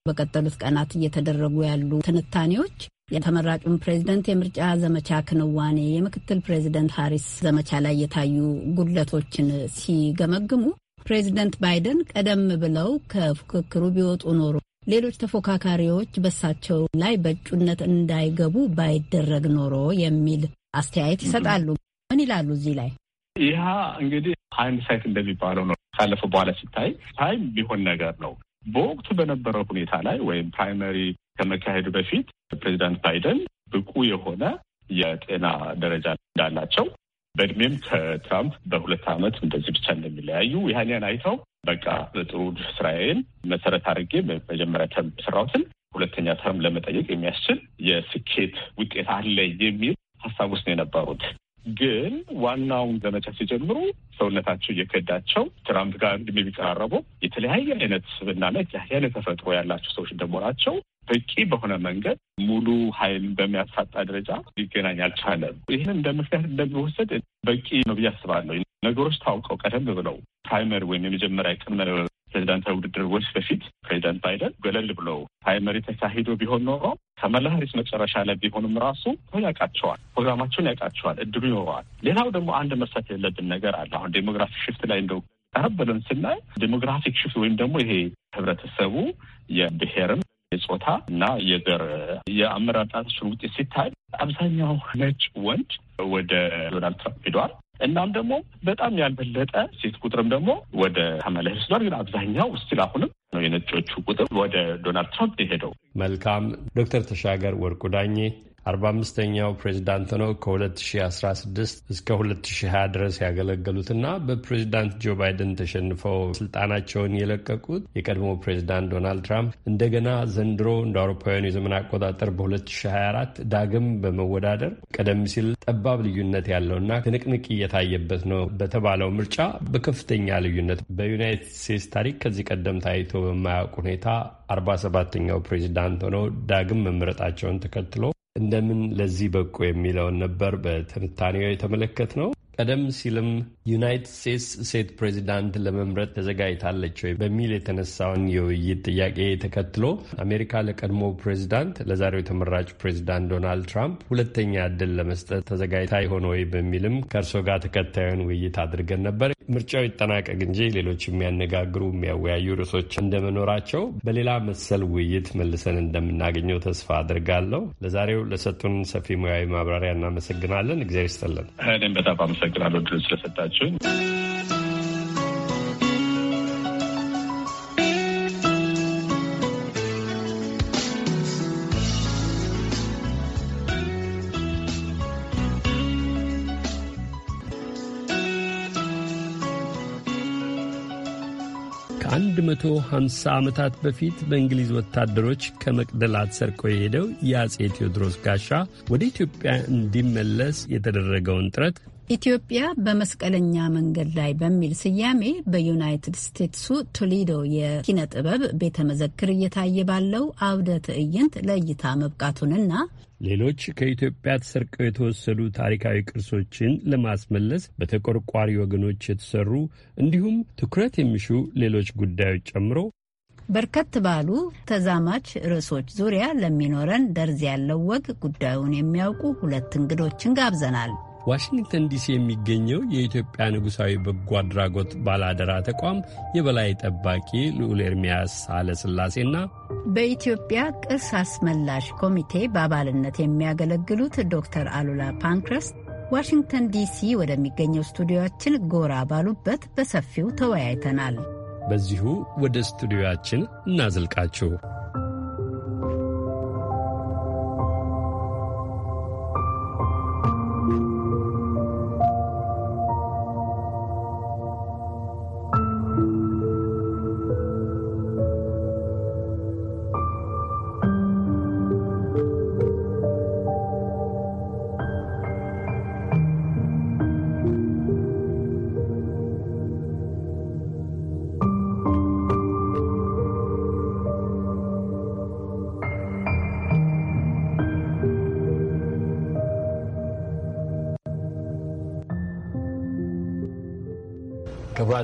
በቀጠሉት ቀናት እየተደረጉ ያሉ ትንታኔዎች የተመራጩን ፕሬዝደንት የምርጫ ዘመቻ ክንዋኔ የምክትል ፕሬዝደንት ሃሪስ ዘመቻ ላይ የታዩ ጉድለቶችን ሲገመግሙ ፕሬዝደንት ባይደን ቀደም ብለው ከፉክክሩ ቢወጡ ኖሮ ሌሎች ተፎካካሪዎች በሳቸው ላይ በእጩነት እንዳይገቡ ባይደረግ ኖሮ የሚል አስተያየት ይሰጣሉ። ምን ይላሉ እዚህ ላይ? ይህ እንግዲህ ሀይንድ ሳይት እንደሚባለው ነው። ካለፈው በኋላ ሲታይ ታይም ቢሆን ነገር ነው። በወቅቱ በነበረው ሁኔታ ላይ ወይም ፕራይመሪ ከመካሄዱ በፊት ፕሬዚዳንት ባይደን ብቁ የሆነ የጤና ደረጃ እንዳላቸው በእድሜም ከትራምፕ በሁለት ዓመት እንደዚህ ብቻ እንደሚለያዩ ያህን አይተው በቃ ጥሩ ስራዬን መሰረት አድርጌ መጀመሪያ ተርም ስራውትን ሁለተኛ ተርም ለመጠየቅ የሚያስችል የስኬት ውጤት አለ የሚል ሀሳብ ውስጥ ነው የነበሩት። ግን ዋናውን ዘመቻ ሲጀምሩ ሰውነታቸው እየከዳቸው ትራምፕ ጋር እድሜ ቢቀራረቡ የተለያየ አይነት ስብዕናና የተለያየ አይነት ተፈጥሮ ያላቸው ሰዎች እንደመሆናቸው በቂ በሆነ መንገድ ሙሉ ኃይል በሚያሳጣ ደረጃ ሊገናኝ አልቻለም። ይህን እንደ ምክንያት እንደሚወሰድ በቂ ነው ብዬ አስባለሁ። ነገሮች ታውቀው ቀደም ብለው ፕራይመሪ ወይም የመጀመሪያ ቅድመ ፕሬዚዳንታዊ ውድድሮች በፊት ፕሬዚዳንት ባይደን ገለል ብለው ፕራይመሪ ተካሂዶ ቢሆን ኖሮ ከመላ ሀሪስ መጨረሻ ላይ ቢሆንም ራሱ ያውቃቸዋል፣ ፕሮግራማቸውን ያውቃቸዋል፣ እድሉ ይኖረዋል። ሌላው ደግሞ አንድ መርሳት የለብን ነገር አለ። አሁን ዴሞግራፊ ሽፍት ላይ እንደው ቀረብ ብለን ስናይ ዴሞግራፊክ ሽፍት ወይም ደግሞ ይሄ ህብረተሰቡ የብሔርም የጾታ እና የዘር የአመራር ጣቶችን ውጤት ሲታይ አብዛኛው ነጭ ወንድ ወደ ዶናልድ ትራምፕ ሄደዋል። እናም ደግሞ በጣም ያልበለጠ ሴት ቁጥርም ደግሞ ወደ ተመለስቷል። ግን አብዛኛው ስቲል አሁንም ነው የነጮቹ ቁጥር ወደ ዶናልድ ትራምፕ የሄደው። መልካም ዶክተር ተሻገር ወርቁ ዳኜ 45ኛው ፕሬዚዳንት ሆነው ከ2016 እስከ 2020 ድረስ ያገለገሉትና በፕሬዚዳንት ጆ ባይደን ተሸንፈው ስልጣናቸውን የለቀቁት የቀድሞ ፕሬዚዳንት ዶናልድ ትራምፕ እንደገና ዘንድሮ እንደ አውሮፓውያኑ የዘመን አቆጣጠር በ2024 ዳግም በመወዳደር ቀደም ሲል ጠባብ ልዩነት ያለውና ትንቅንቅ እየታየበት ነው በተባለው ምርጫ በከፍተኛ ልዩነት በዩናይትድ ስቴትስ ታሪክ ከዚህ ቀደም ታይቶ በማያውቅ ሁኔታ 47ኛው ፕሬዚዳንት ሆነው ዳግም መምረጣቸውን ተከትሎ እንደምን ለዚህ በቁ የሚለውን ነበር በትንታኔው የተመለከት ነው። ቀደም ሲልም ዩናይትድ ስቴትስ ሴት ፕሬዚዳንት ለመምረጥ ተዘጋጅታለች ወይ በሚል የተነሳውን የውይይት ጥያቄ ተከትሎ አሜሪካ ለቀድሞ ፕሬዚዳንት ለዛሬው ተመራጭ ፕሬዚዳንት ዶናልድ ትራምፕ ሁለተኛ እድል ለመስጠት ተዘጋጅታ ይሆን ወይ በሚልም ከእርሶ ጋር ተከታዩን ውይይት አድርገን ነበር። ምርጫው ይጠናቀቅ እንጂ ሌሎች የሚያነጋግሩ የሚያወያዩ ርዕሶች እንደመኖራቸው በሌላ መሰል ውይይት መልሰን እንደምናገኘው ተስፋ አድርጋለሁ። ለዛሬው ለሰጡን ሰፊ ሙያዊ ማብራሪያ እናመሰግናለን። እግዚአብሔር ይስጥልን። አመሰግናለሁ ድል ስለሰጣችሁኝ። መቶ ሃምሳ ዓመታት በፊት በእንግሊዝ ወታደሮች ከመቅደላ ተሰርቆ የሄደው የአጼ ቴዎድሮስ ጋሻ ወደ ኢትዮጵያ እንዲመለስ የተደረገውን ጥረት ኢትዮጵያ በመስቀለኛ መንገድ ላይ በሚል ስያሜ በዩናይትድ ስቴትሱ ቶሌዶ የኪነ ጥበብ ቤተ መዘክር እየታየ ባለው አውደ ትዕይንት ለእይታ መብቃቱንና ሌሎች ከኢትዮጵያ ተሰርቀው የተወሰዱ ታሪካዊ ቅርሶችን ለማስመለስ በተቆርቋሪ ወገኖች የተሰሩ እንዲሁም ትኩረት የሚሹ ሌሎች ጉዳዮች ጨምሮ በርከት ባሉ ተዛማች ርዕሶች ዙሪያ ለሚኖረን ደርዝ ያለው ወግ ጉዳዩን የሚያውቁ ሁለት እንግዶችን ጋብዘናል። ዋሽንግተን ዲሲ የሚገኘው የኢትዮጵያ ንጉሣዊ በጎ አድራጎት ባላደራ ተቋም የበላይ ጠባቂ ልዑል ኤርሚያስ ሳለስላሴና በኢትዮጵያ ቅርስ አስመላሽ ኮሚቴ በአባልነት የሚያገለግሉት ዶክተር አሉላ ፓንክረስት ዋሽንግተን ዲሲ ወደሚገኘው ስቱዲዮችን ጎራ ባሉበት በሰፊው ተወያይተናል። በዚሁ ወደ ስቱዲዮችን እናዝልቃችሁ።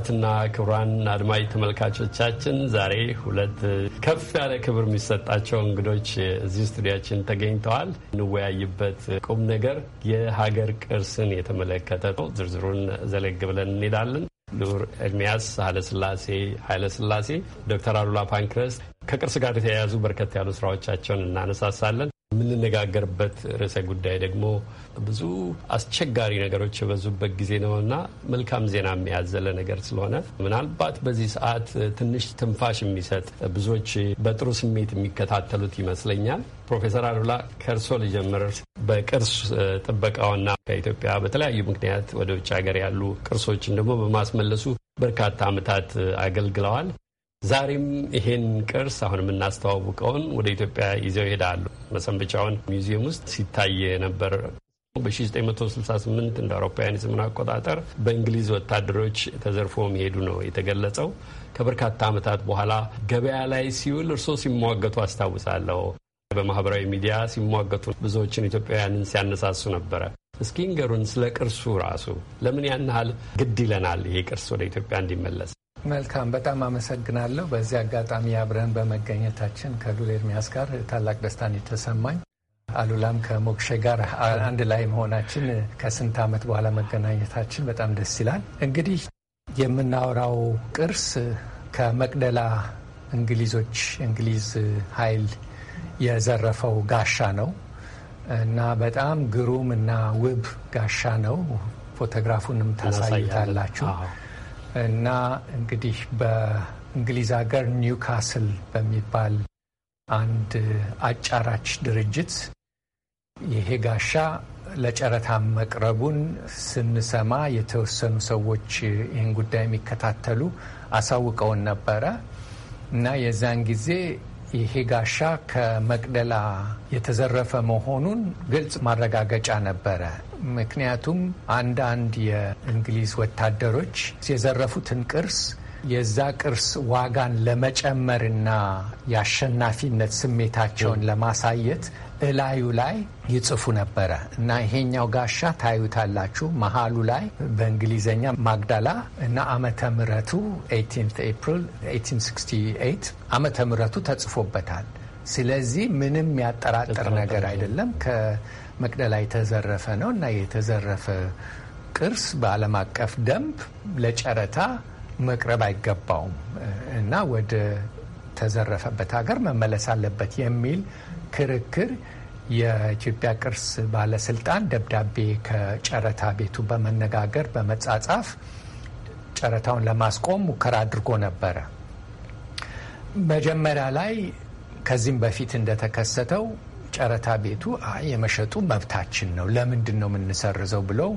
ክቡራትና ክቡራን አድማጭ ተመልካቾቻችን ዛሬ ሁለት ከፍ ያለ ክብር የሚሰጣቸው እንግዶች እዚህ ስቱዲያችን ተገኝተዋል። እንወያይበት ቁም ነገር የሀገር ቅርስን የተመለከተ ነው። ዝርዝሩን ዘለግ ብለን እንሄዳለን። ልዑር ኤርሚያስ ኃይለስላሴ ኃይለስላሴ ዶክተር አሉላ ፓንክረስት ከቅርስ ጋር የተያያዙ በርከት ያሉ ስራዎቻቸውን እናነሳሳለን። የምንነጋገርበት ርዕሰ ጉዳይ ደግሞ ብዙ አስቸጋሪ ነገሮች የበዙበት ጊዜ ነው እና መልካም ዜና የሚያዘለ ነገር ስለሆነ ምናልባት በዚህ ሰዓት ትንሽ ትንፋሽ የሚሰጥ ብዙዎች በጥሩ ስሜት የሚከታተሉት ይመስለኛል። ፕሮፌሰር አሉላ ከእርሶ ልጀምር። በቅርስ ጥበቃውና ከኢትዮጵያ በተለያዩ ምክንያት ወደ ውጭ ሀገር ያሉ ቅርሶችን ደግሞ በማስመለሱ በርካታ ዓመታት አገልግለዋል። ዛሬም ይሄን ቅርስ አሁን የምናስተዋውቀውን ወደ ኢትዮጵያ ይዘው ይሄዳሉ። መሰንበቻውን ሚውዚየም ውስጥ ሲታይ ነበር። በ1968 እንደ አውሮፓውያን የዘመን አቆጣጠር በእንግሊዝ ወታደሮች ተዘርፎ መሄዱ ነው የተገለጸው። ከበርካታ ዓመታት በኋላ ገበያ ላይ ሲውል እርስዎ ሲሟገቱ አስታውሳለሁ። በማህበራዊ ሚዲያ ሲሟገቱ ብዙዎችን ኢትዮጵያውያንን ሲያነሳሱ ነበረ። እስኪ ንገሩን ስለ ቅርሱ ራሱ ለምን ያን ያህል ግድ ይለናል ይሄ ቅርስ ወደ ኢትዮጵያ እንዲመለስ? መልካም፣ በጣም አመሰግናለሁ። በዚህ አጋጣሚ አብረን በመገኘታችን ከሉል ኤርሚያስ ጋር ታላቅ ደስታን የተሰማኝ አሉላም ከሞክሼ ጋር አንድ ላይ መሆናችን ከስንት ዓመት በኋላ መገናኘታችን በጣም ደስ ይላል። እንግዲህ የምናወራው ቅርስ ከመቅደላ እንግሊዞች እንግሊዝ ኃይል የዘረፈው ጋሻ ነው እና በጣም ግሩም እና ውብ ጋሻ ነው። ፎቶግራፉንም ታሳዩታላችሁ። እና እንግዲህ በእንግሊዝ ሀገር ኒውካስል በሚባል አንድ አጫራች ድርጅት ይሄ ጋሻ ለጨረታ መቅረቡን ስንሰማ የተወሰኑ ሰዎች ይህን ጉዳይ የሚከታተሉ አሳውቀውን ነበረ እና የዛን ጊዜ ይሄ ጋሻ ከመቅደላ የተዘረፈ መሆኑን ግልጽ ማረጋገጫ ነበረ። ምክንያቱም አንዳንድ የእንግሊዝ ወታደሮች የዘረፉትን ቅርስ የዛ ቅርስ ዋጋን ለመጨመርና የአሸናፊነት ስሜታቸውን ለማሳየት እላዩ ላይ ይጽፉ ነበረ እና ይሄኛው ጋሻ ታዩታላችሁ መሀሉ ላይ በእንግሊዘኛ ማግዳላ እና አመተ ምረቱ 18 ኤፕሪል 1868 አመተ ምሕረቱ ተጽፎበታል። ስለዚህ ምንም ያጠራጥር ነገር አይደለም። ከመቅደላ የተዘረፈ ነው እና የተዘረፈ ቅርስ በዓለም አቀፍ ደንብ ለጨረታ መቅረብ አይገባውም እና ወደ ተዘረፈበት ሀገር መመለስ አለበት የሚል ክርክር የኢትዮጵያ ቅርስ ባለስልጣን ደብዳቤ ከጨረታ ቤቱ በመነጋገር በመጻጻፍ ጨረታውን ለማስቆም ሙከራ አድርጎ ነበረ። መጀመሪያ ላይ ከዚህም በፊት እንደተከሰተው ጨረታ ቤቱ የመሸጡ መብታችን ነው፣ ለምንድን ነው የምንሰርዘው ብለው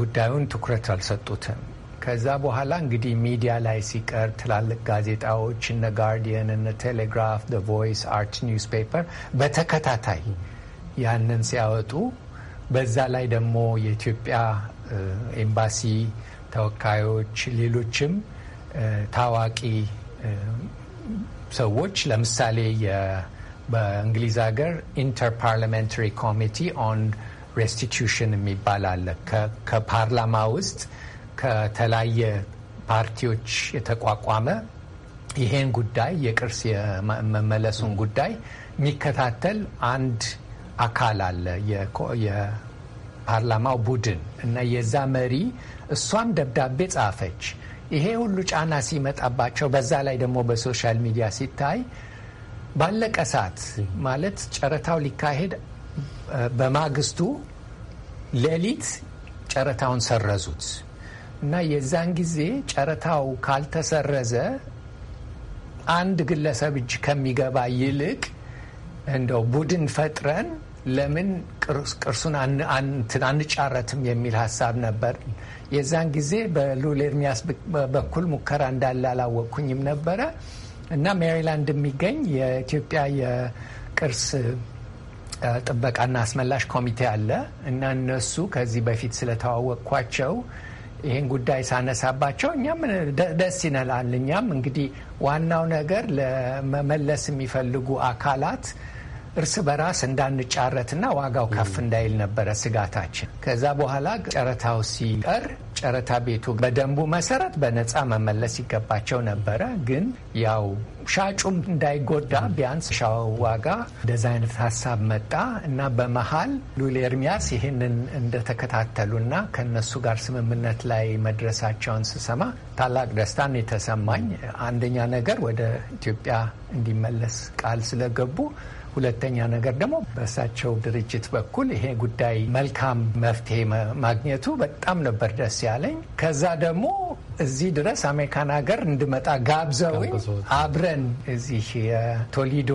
ጉዳዩን ትኩረት አልሰጡትም። ከዛ በኋላ እንግዲህ ሚዲያ ላይ ሲቀር ትላልቅ ጋዜጣዎች እነ ጋርዲየን፣ እነ ቴሌግራፍ፣ ቮይስ፣ አርት ኒውስ ፔፐር በተከታታይ ያንን ሲያወጡ በዛ ላይ ደግሞ የኢትዮጵያ ኤምባሲ ተወካዮች፣ ሌሎችም ታዋቂ ሰዎች ለምሳሌ በእንግሊዝ ሀገር ኢንተር ፓርላሜንታሪ ኮሚቲ ኦን ሬስቲቱሽን የሚባል አለ። ከፓርላማ ውስጥ ከተለያየ ፓርቲዎች የተቋቋመ ይሄን ጉዳይ የቅርስ የመመለሱን ጉዳይ የሚከታተል አንድ አካል አለ፣ የፓርላማው ቡድን እና የዛ መሪ እሷም ደብዳቤ ጻፈች። ይሄ ሁሉ ጫና ሲመጣባቸው በዛ ላይ ደግሞ በሶሻል ሚዲያ ሲታይ ባለቀ ሰዓት ማለት ጨረታው ሊካሄድ በማግስቱ ሌሊት ጨረታውን ሰረዙት። እና የዛን ጊዜ ጨረታው ካልተሰረዘ አንድ ግለሰብ እጅ ከሚገባ ይልቅ እንደው ቡድን ፈጥረን ለምን ቅርሱን አንጫረትም የሚል ሀሳብ ነበር። የዛን ጊዜ በሉል ኤርሚያስ በኩል ሙከራ እንዳለ አላወቅኩኝም ነበረ እና ሜሪላንድ የሚገኝ የኢትዮጵያ የቅርስ ጥበቃና አስመላሽ ኮሚቴ አለ እና እነሱ ከዚህ በፊት ስለተዋወቅኳቸው ይህን ጉዳይ ሳነሳባቸው እኛም ደስ ይነላል። እኛም እንግዲህ ዋናው ነገር ለመመለስ የሚፈልጉ አካላት እርስ በራስ እንዳንጫረትና ዋጋው ከፍ እንዳይል ነበረ ስጋታችን። ከዛ በኋላ ጨረታው ሲቀር ጨረታ ቤቱ በደንቡ መሰረት በነፃ መመለስ ይገባቸው ነበረ። ግን ያው ሻጩም እንዳይጎዳ ቢያንስ ሻው ዋጋ እንደዚ አይነት ሀሳብ መጣ እና በመሀል ሉሌ ኤርሚያስ ይህንን እንደተከታተሉና ከነሱ ጋር ስምምነት ላይ መድረሳቸውን ስሰማ ታላቅ ደስታን የተሰማኝ አንደኛ ነገር ወደ ኢትዮጵያ እንዲመለስ ቃል ስለገቡ ሁለተኛ ነገር ደግሞ በእሳቸው ድርጅት በኩል ይሄ ጉዳይ መልካም መፍትሄ ማግኘቱ በጣም ነበር ደስ ያለኝ። ከዛ ደግሞ እዚህ ድረስ አሜሪካን ሀገር እንድመጣ ጋብዘው አብረን እዚህ የቶሊዶ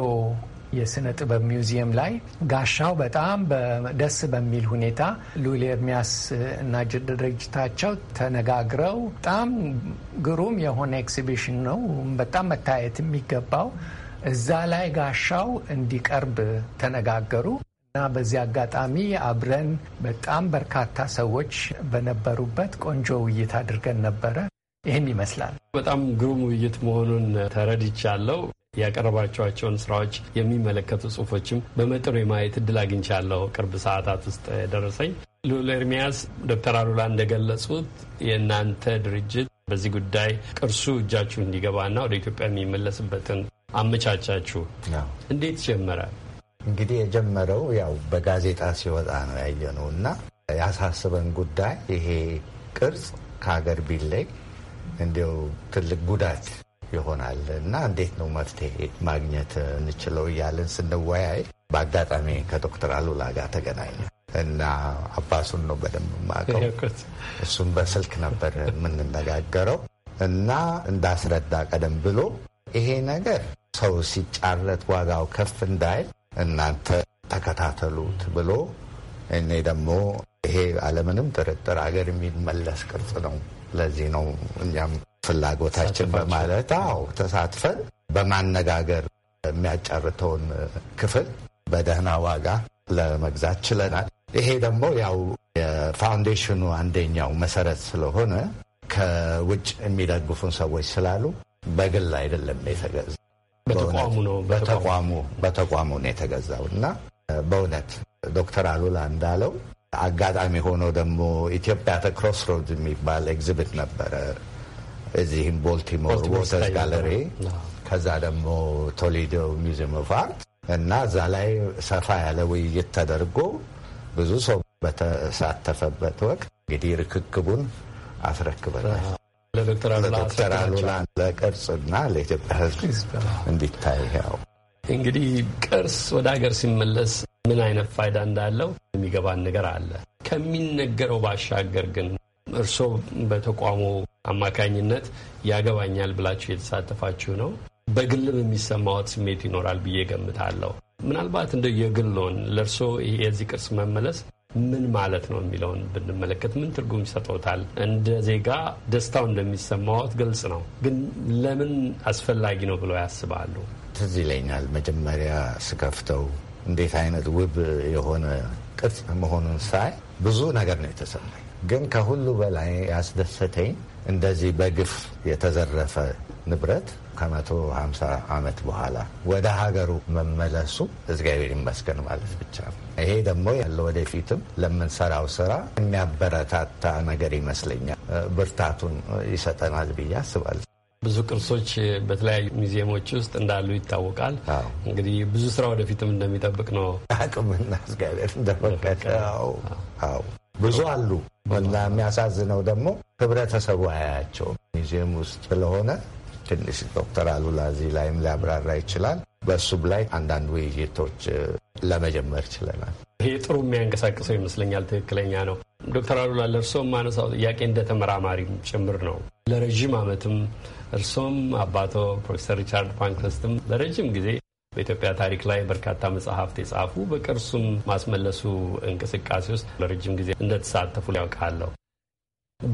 የስነ ጥበብ ሚውዚየም ላይ ጋሻው በጣም ደስ በሚል ሁኔታ ሉል ኤርሚያስ እና ድርጅታቸው ተነጋግረው በጣም ግሩም የሆነ ኤክሲቢሽን ነው፣ በጣም መታየት የሚገባው እዛ ላይ ጋሻው እንዲቀርብ ተነጋገሩ እና በዚህ አጋጣሚ አብረን በጣም በርካታ ሰዎች በነበሩበት ቆንጆ ውይይት አድርገን ነበረ። ይህን ይመስላል። በጣም ግሩም ውይይት መሆኑን ተረድቻለሁ። ያቀረባቸዋቸውን ስራዎች የሚመለከቱ ጽሁፎችም በመጠኑ የማየት እድል አግኝቻለሁ። ቅርብ ሰዓታት ውስጥ ደረሰኝ። ልዑል ኤርሚያስ፣ ዶክተር አሉላ እንደገለጹት የእናንተ ድርጅት በዚህ ጉዳይ ቅርሱ እጃችሁ እንዲገባና ወደ ኢትዮጵያ የሚመለስበትን አመቻቻችሁ እንዴት ጀመረ? እንግዲህ የጀመረው ያው በጋዜጣ ሲወጣ ነው ያየ ነው እና ያሳስበን ጉዳይ ይሄ ቅርጽ ከሀገር ቢለይ እንዲው ትልቅ ጉዳት ይሆናል እና እንዴት ነው መፍትሄ ማግኘት እንችለው እያለን ስንወያይ በአጋጣሚ ከዶክተር አሉላ ጋር ተገናኘ እና አባሱን ነው በደንብ የማውቀው። እሱም በስልክ ነበር የምንነጋገረው እና እንዳስረዳ ቀደም ብሎ ይሄ ነገር ሰው ሲጫረት ዋጋው ከፍ እንዳይል እናንተ ተከታተሉት ብሎ እኔ ደግሞ ይሄ አለምንም ጥርጥር አገር የሚመለስ ቅርጽ ነው። ለዚህ ነው እኛም ፍላጎታችን በማለት አዎ ተሳትፈን በማነጋገር የሚያጫርተውን ክፍል በደህና ዋጋ ለመግዛት ችለናል። ይሄ ደግሞ ያው የፋውንዴሽኑ አንደኛው መሰረት ስለሆነ ከውጭ የሚደግፉን ሰዎች ስላሉ በግል አይደለም የተገዛ በተቋሙ በተቋሙ ነው የተገዛው እና በእውነት ዶክተር አሉላ እንዳለው አጋጣሚ ሆኖ ደግሞ ኢትዮጵያ ተክሮስ ሮድ የሚባል ኤግዚቢት ነበረ እዚህም ቦልቲሞር ዎተርስ ጋለሪ ከዛ ደግሞ ቶሌዶ ሚዚየም ኦፍ አርት እና እዛ ላይ ሰፋ ያለ ውይይት ተደርጎ ብዙ ሰው በተሳተፈበት ወቅት እንግዲህ ርክክቡን አስረክበናል። ለዶክተር አሉላ ለቅርጽና ለኢትዮጵያ ሕዝብ እንዲታይ ያው እንግዲህ ቅርስ ወደ ሀገር ሲመለስ ምን አይነት ፋይዳ እንዳለው የሚገባን ነገር አለ። ከሚነገረው ባሻገር ግን እርስዎ በተቋሙ አማካኝነት ያገባኛል ብላችሁ የተሳተፋችሁ ነው። በግልም የሚሰማዎት ስሜት ይኖራል ብዬ ገምታለሁ። ምናልባት እንደ የግልዎን ለእርስዎ የዚህ ቅርስ መመለስ ምን ማለት ነው የሚለውን ብንመለከት ምን ትርጉም ይሰጠውታል? እንደ ዜጋ ደስታው እንደሚሰማዎት ግልጽ ነው፣ ግን ለምን አስፈላጊ ነው ብለው ያስባሉ? ትዝ ይለኛል መጀመሪያ ስከፍተው እንዴት አይነት ውብ የሆነ ቅርጽ መሆኑን ሳይ ብዙ ነገር ነው የተሰማኝ። ግን ከሁሉ በላይ ያስደሰተኝ እንደዚህ በግፍ የተዘረፈ ንብረት ከመቶ ሃምሳ ዓመት በኋላ ወደ ሀገሩ መመለሱ እግዚአብሔር ይመስገን ማለት ብቻ ነው። ይሄ ደግሞ ያለ ወደፊትም ለምንሰራው ስራ የሚያበረታታ ነገር ይመስለኛል። ብርታቱን ይሰጠናል ብዬ አስባለሁ። ብዙ ቅርሶች በተለያዩ ሙዚየሞች ውስጥ እንዳሉ ይታወቃል። እንግዲህ ብዙ ስራ ወደፊትም እንደሚጠብቅ ነው አቅምና እግዚአብሔር እንደፈቀደ። ብዙ አሉ እና የሚያሳዝነው ደግሞ ህብረተሰቡ አያያቸውም ሙዚየም ውስጥ ስለሆነ ትንሽ ዶክተር አሉላ እዚህ ላይም ሊያብራራ ይችላል። በእሱም ላይ አንዳንድ ውይይቶች ለመጀመር ችለናል። ይሄ ጥሩ የሚያንቀሳቅሰው ይመስለኛል። ትክክለኛ ነው ዶክተር አሉላ ለእርስዎም ማነሳው ጥያቄ እንደ ተመራማሪም ጭምር ነው። ለረዥም ዓመትም እርሶም አባቶ ፕሮፌሰር ሪቻርድ ፓንክረስትም ለረዥም ጊዜ በኢትዮጵያ ታሪክ ላይ በርካታ መጽሐፍት የጻፉ በቅርሱም ማስመለሱ እንቅስቃሴ ውስጥ ለረጅም ጊዜ እንደተሳተፉ ያውቃለሁ።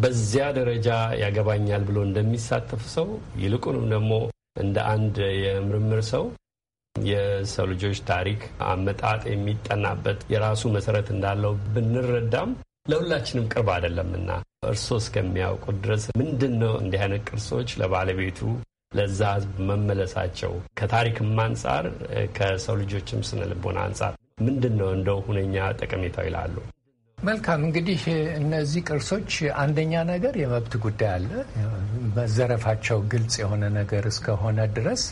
በዚያ ደረጃ ያገባኛል ብሎ እንደሚሳተፍ ሰው ይልቁንም ደግሞ እንደ አንድ የምርምር ሰው የሰው ልጆች ታሪክ አመጣጥ የሚጠናበት የራሱ መሰረት እንዳለው ብንረዳም ለሁላችንም ቅርብ አይደለምና እርስዎ እስከሚያውቁት ድረስ ምንድን ነው እንዲህ አይነት ቅርሶች ለባለቤቱ ለዛ ህዝብ መመለሳቸው ከታሪክም አንጻር ከሰው ልጆችም ስነ ልቦና አንጻር ምንድን ነው እንደው ሁነኛ ጠቀሜታው ይላሉ? መልካም እንግዲህ እነዚህ ቅርሶች አንደኛ ነገር የመብት ጉዳይ አለ። መዘረፋቸው ግልጽ የሆነ ነገር እስከሆነ ድረስ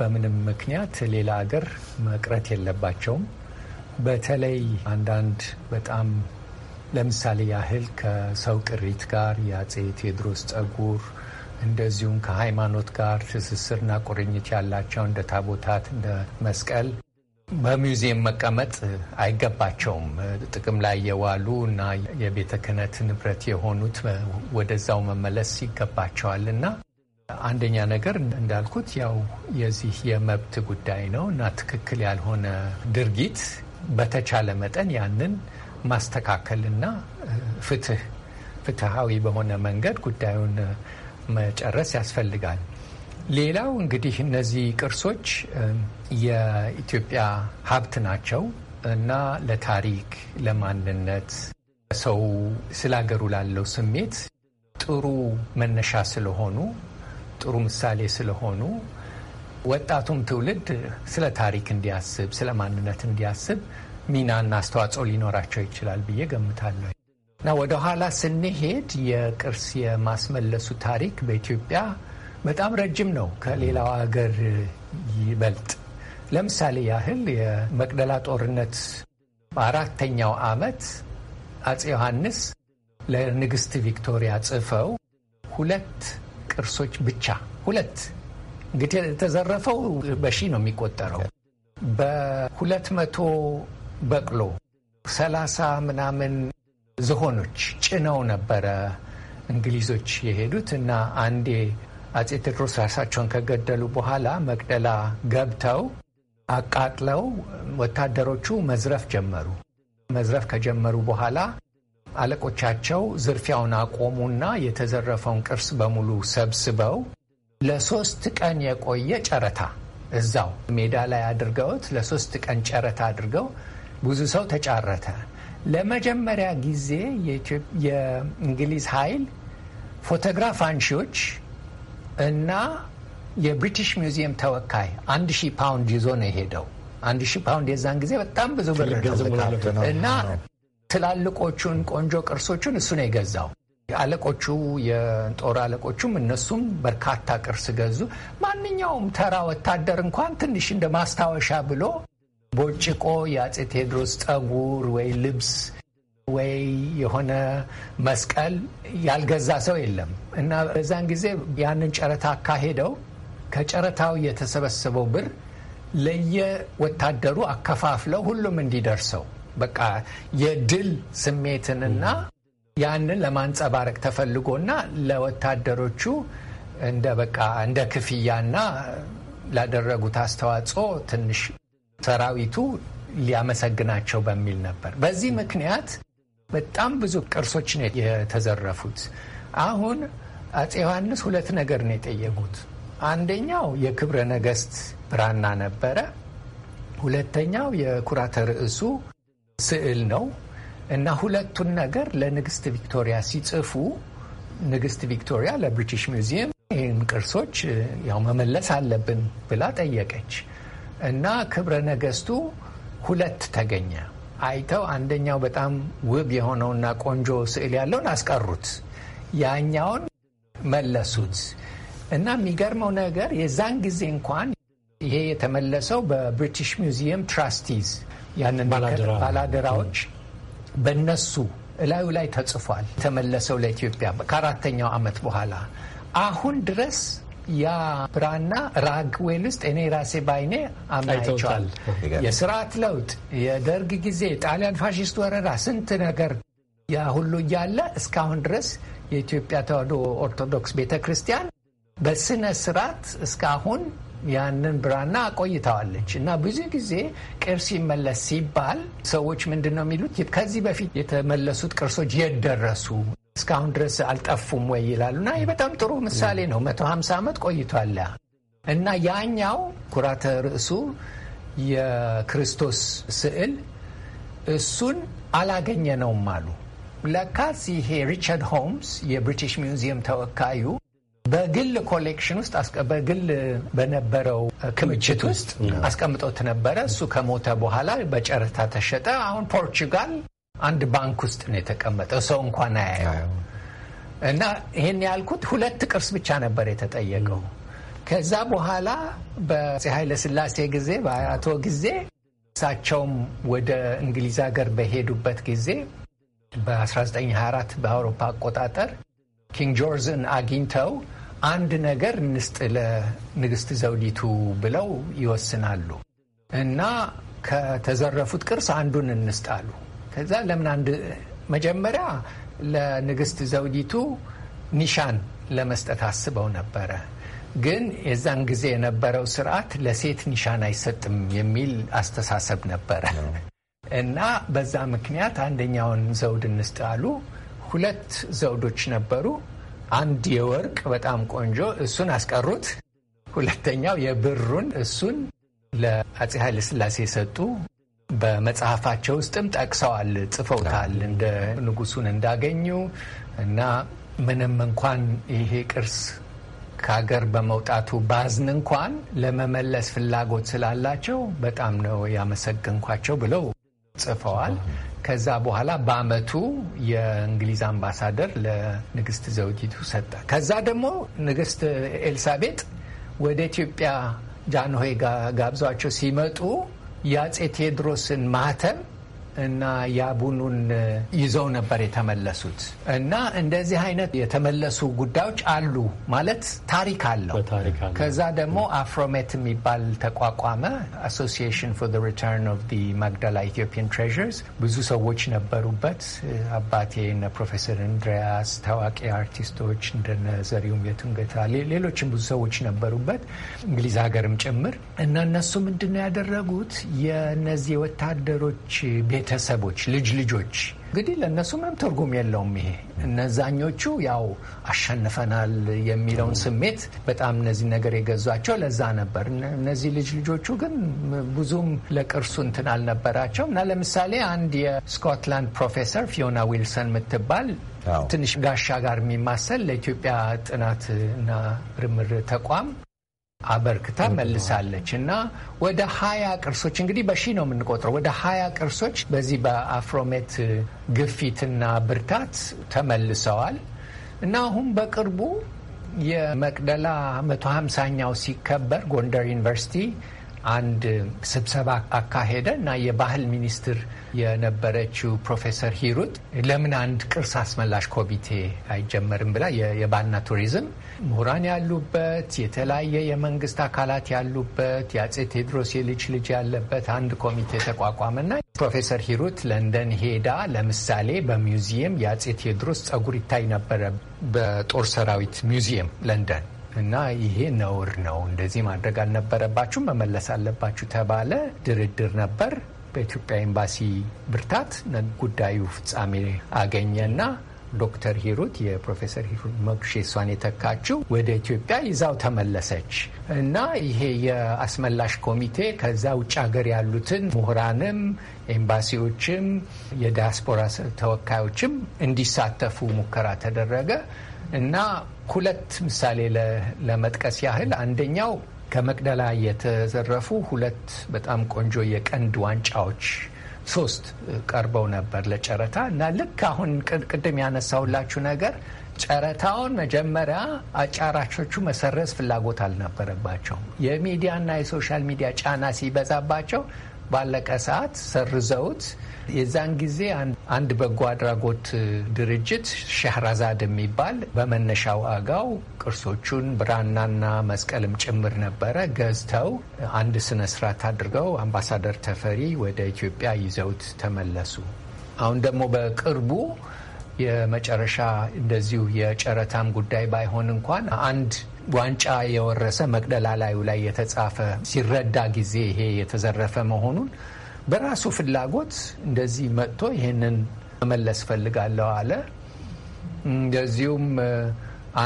በምንም ምክንያት ሌላ አገር መቅረት የለባቸውም። በተለይ አንዳንድ በጣም ለምሳሌ ያህል ከሰው ቅሪት ጋር የአጼ ቴዎድሮስ ጸጉር እንደዚሁም ከሃይማኖት ጋር ትስስርና ቁርኝት ያላቸው እንደ ታቦታት፣ እንደ መስቀል በሚውዚየም መቀመጥ አይገባቸውም። ጥቅም ላይ የዋሉ እና የቤተ ክህነት ንብረት የሆኑት ወደዛው መመለስ ይገባቸዋል እና አንደኛ ነገር እንዳልኩት ያው የዚህ የመብት ጉዳይ ነው እና ትክክል ያልሆነ ድርጊት በተቻለ መጠን ያንን ማስተካከልና ፍትህ ፍትሃዊ በሆነ መንገድ ጉዳዩን መጨረስ ያስፈልጋል። ሌላው እንግዲህ እነዚህ ቅርሶች የኢትዮጵያ ሀብት ናቸው እና ለታሪክ፣ ለማንነት ሰው ስለ ሀገሩ ላለው ስሜት ጥሩ መነሻ ስለሆኑ ጥሩ ምሳሌ ስለሆኑ ወጣቱም ትውልድ ስለ ታሪክ እንዲያስብ፣ ስለ ማንነት እንዲያስብ ሚናና አስተዋጽኦ ሊኖራቸው ይችላል ብዬ ገምታለሁ እና ወደኋላ ስንሄድ የቅርስ የማስመለሱ ታሪክ በኢትዮጵያ በጣም ረጅም ነው፣ ከሌላው ሀገር ይበልጥ ለምሳሌ ያህል የመቅደላ ጦርነት በአራተኛው ዓመት አጼ ዮሐንስ ለንግሥት ቪክቶሪያ ጽፈው ሁለት ቅርሶች ብቻ ሁለት እንግዲህ የተዘረፈው በሺ ነው የሚቆጠረው። በሁለት መቶ በቅሎ ሰላሳ ምናምን ዝሆኖች ጭነው ነበረ እንግሊዞች የሄዱት እና አንዴ አጼ ቴዎድሮስ ራሳቸውን ከገደሉ በኋላ መቅደላ ገብተው አቃጥለው ወታደሮቹ መዝረፍ ጀመሩ። መዝረፍ ከጀመሩ በኋላ አለቆቻቸው ዝርፊያውን አቆሙና የተዘረፈውን ቅርስ በሙሉ ሰብስበው ለሶስት ቀን የቆየ ጨረታ እዛው ሜዳ ላይ አድርገውት ለሶስት ቀን ጨረታ አድርገው ብዙ ሰው ተጫረተ። ለመጀመሪያ ጊዜ የእንግሊዝ ኃይል ፎቶግራፍ አንሺዎች እና የብሪቲሽ ሚውዚየም ተወካይ አንድ ሺህ ፓውንድ ይዞ ነው የሄደው። አንድ ሺህ ፓውንድ የዛን ጊዜ በጣም ብዙ ብር እና ትላልቆቹን ቆንጆ ቅርሶቹን እሱ ነው የገዛው። አለቆቹ የጦር አለቆቹም እነሱም በርካታ ቅርስ ገዙ። ማንኛውም ተራ ወታደር እንኳን ትንሽ እንደ ማስታወሻ ብሎ ቦጭቆ የአጼ ቴዎድሮስ ጸጉር ወይ ልብስ ወይ የሆነ መስቀል ያልገዛ ሰው የለም እና በዛን ጊዜ ያንን ጨረታ አካሄደው ከጨረታው የተሰበሰበው ብር ለየወታደሩ አከፋፍለው ሁሉም እንዲደርሰው በቃ የድል ስሜትንና ያንን ለማንጸባረቅ ተፈልጎና ለወታደሮቹ እንደ በቃ እንደ ክፍያና ላደረጉት አስተዋጽኦ ትንሽ ሰራዊቱ ሊያመሰግናቸው በሚል ነበር። በዚህ ምክንያት በጣም ብዙ ቅርሶች ነው የተዘረፉት። አሁን አፄ ዮሐንስ ሁለት ነገር ነው የጠየቁት። አንደኛው የክብረ ነገስት ብራና ነበረ። ሁለተኛው የኩራተ ርዕሱ ስዕል ነው እና ሁለቱን ነገር ለንግስት ቪክቶሪያ ሲጽፉ ንግስት ቪክቶሪያ ለብሪቲሽ ሚውዚየም ይህን ቅርሶች ያው መመለስ አለብን ብላ ጠየቀች እና ክብረ ነገስቱ ሁለት ተገኘ። አይተው አንደኛው በጣም ውብ የሆነውና ቆንጆ ስዕል ያለውን አስቀሩት፣ ያኛውን መለሱት። እና የሚገርመው ነገር የዛን ጊዜ እንኳን ይሄ የተመለሰው በብሪቲሽ ሚውዚየም ትራስቲዝ ያንን ባላደራዎች በነሱ እላዩ ላይ ተጽፏል። የተመለሰው ለኢትዮጵያ ከአራተኛው ዓመት በኋላ አሁን ድረስ ያ ብራና ራግዌል ውስጥ እኔ ራሴ ባይኔ አምናይቸዋል። የስርዓት ለውጥ፣ የደርግ ጊዜ፣ ጣሊያን ፋሽስት ወረራ፣ ስንት ነገር ያ ሁሉ እያለ እስካሁን ድረስ የኢትዮጵያ ተዋሕዶ ኦርቶዶክስ ቤተ ክርስቲያን በስነ ስርዓት እስካሁን ያንን ብራና አቆይተዋለች እና ብዙ ጊዜ ቅርስ ይመለስ ሲባል ሰዎች ምንድን ነው የሚሉት? ከዚህ በፊት የተመለሱት ቅርሶች የት ደረሱ? እስካሁን ድረስ አልጠፉም ወይ ይላሉ። እና ይህ በጣም ጥሩ ምሳሌ ነው። 150 ዓመት ቆይቷል እና ያኛው ኩራተ ርዕሱ የክርስቶስ ስዕል እሱን አላገኘ ነውም አሉ። ለካስ ይሄ ሪቻርድ ሆምስ የብሪቲሽ ሚውዚየም ተወካዩ በግል ኮሌክሽን ውስጥ በግል በነበረው ክምችት ውስጥ አስቀምጦት ነበረ። እሱ ከሞተ በኋላ በጨረታ ተሸጠ። አሁን ፖርቹጋል አንድ ባንክ ውስጥ ነው የተቀመጠው። ሰው እንኳን አያየው እና ይህን ያልኩት ሁለት ቅርስ ብቻ ነበር የተጠየቀው። ከዛ በኋላ በአፄ ኃይለስላሴ ጊዜ በአያቶ ጊዜ እሳቸውም ወደ እንግሊዝ ሀገር በሄዱበት ጊዜ በ1924 በአውሮፓ አቆጣጠር ኪንግ ጆርዝን አግኝተው አንድ ነገር እንስጥ ለንግስት ዘውዲቱ ብለው ይወስናሉ እና ከተዘረፉት ቅርስ አንዱን እንስጣሉ። ከዛ ለምን አንድ መጀመሪያ ለንግስት ዘውዲቱ ኒሻን ለመስጠት አስበው ነበረ። ግን የዛን ጊዜ የነበረው ስርዓት ለሴት ኒሻን አይሰጥም የሚል አስተሳሰብ ነበረ እና በዛ ምክንያት አንደኛውን ዘውድ እንስጥ አሉ። ሁለት ዘውዶች ነበሩ። አንድ የወርቅ በጣም ቆንጆ፣ እሱን አስቀሩት። ሁለተኛው የብሩን፣ እሱን ለአፄ ኃይለ ሥላሴ ሰጡ። በመጽሐፋቸው ውስጥም ጠቅሰዋል፣ ጽፈውታል እንደ ንጉሱን እንዳገኙ እና ምንም እንኳን ይሄ ቅርስ ከሀገር በመውጣቱ ባዝን እንኳን ለመመለስ ፍላጎት ስላላቸው በጣም ነው ያመሰገንኳቸው ብለው ጽፈዋል። ከዛ በኋላ በአመቱ የእንግሊዝ አምባሳደር ለንግስት ዘውዲቱ ሰጠ። ከዛ ደግሞ ንግስት ኤልሳቤጥ ወደ ኢትዮጵያ ጃንሆይ ጋብዟቸው ሲመጡ የአፄ ቴዎድሮስን ማህተም እና ያ ቡኑን ይዘው ነበር የተመለሱት። እና እንደዚህ አይነት የተመለሱ ጉዳዮች አሉ ማለት ታሪክ አለው። ከዛ ደግሞ አፍሮሜት የሚባል ተቋቋመ፣ አሶሲሽን ፎር ሪተርን ኦፍ ዲ ማግዳላ ኢትዮጵያን ትሬዠርስ። ብዙ ሰዎች ነበሩበት። አባቴ እነ ፕሮፌሰር እንድሪያስ ታዋቂ አርቲስቶች እንደነ ዘሪሁም የቱንገታ፣ ሌሎችም ብዙ ሰዎች ነበሩበት እንግሊዝ ሀገርም ጭምር እና እነሱ ምንድነው ያደረጉት የነዚህ ወታደሮች ቤት ቤተሰቦች ልጅ ልጆች እንግዲህ ለእነሱ ምንም ትርጉም የለውም። ይሄ እነዛኞቹ ያው አሸንፈናል የሚለውን ስሜት በጣም እነዚህ ነገር የገዟቸው ለዛ ነበር። እነዚህ ልጅ ልጆቹ ግን ብዙም ለቅርሱ እንትን አልነበራቸው እና ለምሳሌ አንድ የስኮትላንድ ፕሮፌሰር ፊዮና ዊልሰን የምትባል ትንሽ ጋሻ ጋር የሚማሰል ለኢትዮጵያ ጥናትና ምርምር ተቋም አበርክታ መልሳለች እና ወደ ሀያ ቅርሶች እንግዲህ በሺ ነው የምንቆጥረው። ወደ ሀያ ቅርሶች በዚህ በአፍሮሜት ግፊትና ብርታት ተመልሰዋል እና አሁን በቅርቡ የመቅደላ 150ኛው ሲከበር ጎንደር ዩኒቨርሲቲ አንድ ስብሰባ አካሄደ እና የባህል ሚኒስትር የነበረችው ፕሮፌሰር ሂሩት ለምን አንድ ቅርስ አስመላሽ ኮሚቴ አይጀመርም ብላ የባህልና ቱሪዝም ምሁራን ያሉበት፣ የተለያየ የመንግስት አካላት ያሉበት፣ የአጼ ቴዎድሮስ የልጅ ልጅ ያለበት አንድ ኮሚቴ ተቋቋመና ፕሮፌሰር ሂሩት ለንደን ሄዳ ለምሳሌ በሚውዚየም የአጼ ቴዎድሮስ ጸጉር ይታይ ነበረ በጦር ሰራዊት ሚውዚየም ለንደን እና ይሄ ነውር ነው፣ እንደዚህ ማድረግ አልነበረባችሁ፣ መመለስ አለባችሁ ተባለ። ድርድር ነበር። በኢትዮጵያ ኤምባሲ ብርታት ጉዳዩ ፍጻሜ አገኘና ዶክተር ሂሩት የፕሮፌሰር ሂሩት መጉሼ እሷን የተካችው ወደ ኢትዮጵያ ይዛው ተመለሰች እና ይሄ የአስመላሽ ኮሚቴ ከዛ ውጭ ሀገር ያሉትን ምሁራንም ኤምባሲዎችም የዲያስፖራ ተወካዮችም እንዲሳተፉ ሙከራ ተደረገ እና ሁለት ምሳሌ ለመጥቀስ ያህል አንደኛው ከመቅደላ የተዘረፉ ሁለት በጣም ቆንጆ የቀንድ ዋንጫዎች ሶስት ቀርበው ነበር ለጨረታ እና ልክ አሁን ቅድም ያነሳውላችሁ ነገር ጨረታውን መጀመሪያ አጫራቾቹ መሰረዝ ፍላጎት አልነበረባቸውም። የሚዲያና የሶሻል ሚዲያ ጫና ሲበዛባቸው ባለቀ ሰዓት ሰርዘውት የዛን ጊዜ አንድ በጎ አድራጎት ድርጅት ሻህራዛድ የሚባል በመነሻ አጋው ቅርሶቹን ብራናና መስቀልም ጭምር ነበረ ገዝተው አንድ ስነ ስርዓት አድርገው አምባሳደር ተፈሪ ወደ ኢትዮጵያ ይዘውት ተመለሱ። አሁን ደግሞ በቅርቡ የመጨረሻ እንደዚሁ የጨረታም ጉዳይ ባይሆን እንኳን አንድ ዋንጫ የወረሰ መቅደላ ላዩ ላይ የተጻፈ ሲረዳ ጊዜ ይሄ የተዘረፈ መሆኑን በራሱ ፍላጎት እንደዚህ መጥቶ ይህንን መመለስ ፈልጋለሁ አለ። እንደዚሁም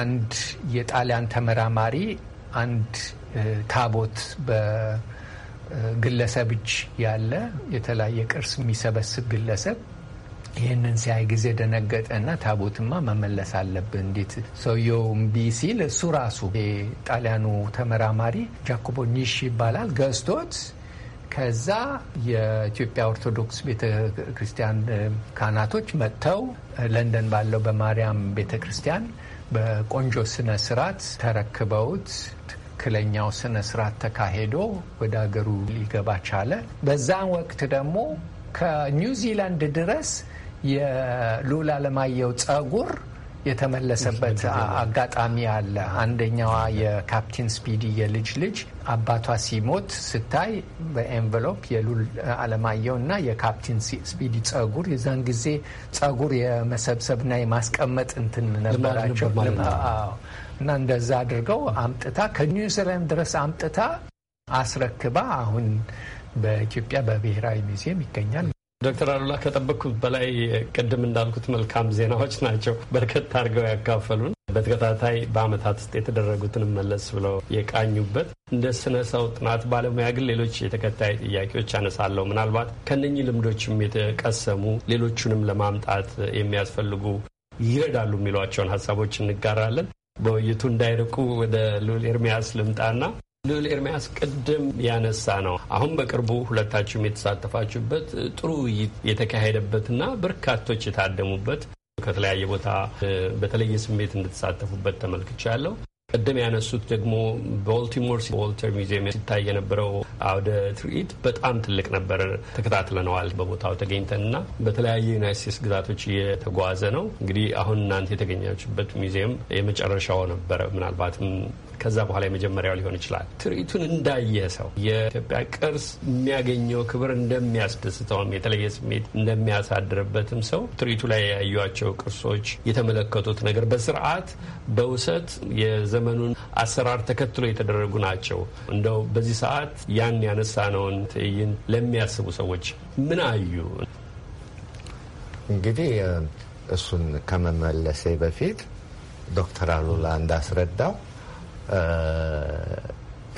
አንድ የጣሊያን ተመራማሪ አንድ ታቦት በግለሰብ እጅ ያለ የተለያየ ቅርስ የሚሰበስብ ግለሰብ ይህንን ሲያይ ጊዜ ደነገጠና ታቦትማ መመለስ አለብን። እንዴት ሰውየው እምቢ ሲል እሱ ራሱ የጣሊያኑ ተመራማሪ ጃኮቦ ኒሽ ይባላል ገዝቶት ከዛ የኢትዮጵያ ኦርቶዶክስ ቤተ ክርስቲያን ካህናቶች መጥተው ለንደን ባለው በማርያም ቤተ ክርስቲያን በቆንጆ ስነ ስርዓት ተረክበውት ትክክለኛው ስነ ስርዓት ተካሄዶ ወደ ሀገሩ ሊገባ ቻለ። በዛን ወቅት ደግሞ ከኒውዚላንድ ድረስ የሉል አለማየሁ ጸጉር የተመለሰበት አጋጣሚ አለ። አንደኛዋ የካፕቲን ስፒዲ የልጅ ልጅ አባቷ ሲሞት ስታይ በኤንቨሎፕ የሉል አለማየሁ እና የካፕቲን ስፒዲ ጸጉር የዛን ጊዜ ጸጉር የመሰብሰብና የማስቀመጥ እንትን ነበራቸው እና እንደዛ አድርገው አምጥታ ከኒውዚላንድ ድረስ አምጥታ አስረክባ አሁን በኢትዮጵያ በብሔራዊ ሙዚየም ይገኛል። ዶክተር አሉላ ከጠበቅኩት በላይ ቅድም እንዳልኩት መልካም ዜናዎች ናቸው በርከት አድርገው ያካፈሉን። በተከታታይ በአመታት ውስጥ የተደረጉትን መለስ ብለው የቃኙበት እንደ ስነ ሰው ጥናት ባለሙያ ግን ሌሎች የተከታይ ጥያቄዎች አነሳለሁ። ምናልባት ከነኚህ ልምዶችም የተቀሰሙ ሌሎቹንም ለማምጣት የሚያስፈልጉ ይረዳሉ የሚሏቸውን ሀሳቦች እንጋራለን። በውይይቱ እንዳይርቁ ወደ ሉል ኤርሚያስ ልምጣና ልዑል ኤርሚያስ ቅድም ያነሳ ነው አሁን በቅርቡ ሁለታችሁም የተሳተፋችሁበት ጥሩ ውይይት የተካሄደበትና በርካቶች የታደሙበት ከተለያየ ቦታ በተለየ ስሜት እንደተሳተፉበት ተመልክቻለሁ። ቅድም ያነሱት ደግሞ በቦልቲሞር ዋልተር ሚዚየም ሲታይ የነበረው አውደ ትርኢት በጣም ትልቅ ነበር። ተከታትለነዋል በቦታው ተገኝተንና በተለያዩ ዩናይት ስቴትስ ግዛቶች እየተጓዘ ነው። እንግዲህ አሁን እናንተ የተገኛችበት ሚዚየም የመጨረሻው ነበረ። ምናልባትም ከዛ በኋላ የመጀመሪያው ሊሆን ይችላል። ትርኢቱን እንዳየ ሰው የኢትዮጵያ ቅርስ የሚያገኘው ክብር እንደሚያስደስተውም የተለየ ስሜት እንደሚያሳድርበትም ሰው ትርኢቱ ላይ ያዩቸው ቅርሶች የተመለከቱት ነገር በስርዓት በውሰት የዘመኑን አሰራር ተከትሎ የተደረጉ ናቸው። እንደው በዚህ ሰዓት ያን ያነሳነውን ትዕይንት ለሚያስቡ ሰዎች ምን አዩ? እንግዲህ እሱን ከመመለሴ በፊት ዶክተር አሉላ እንዳስረዳው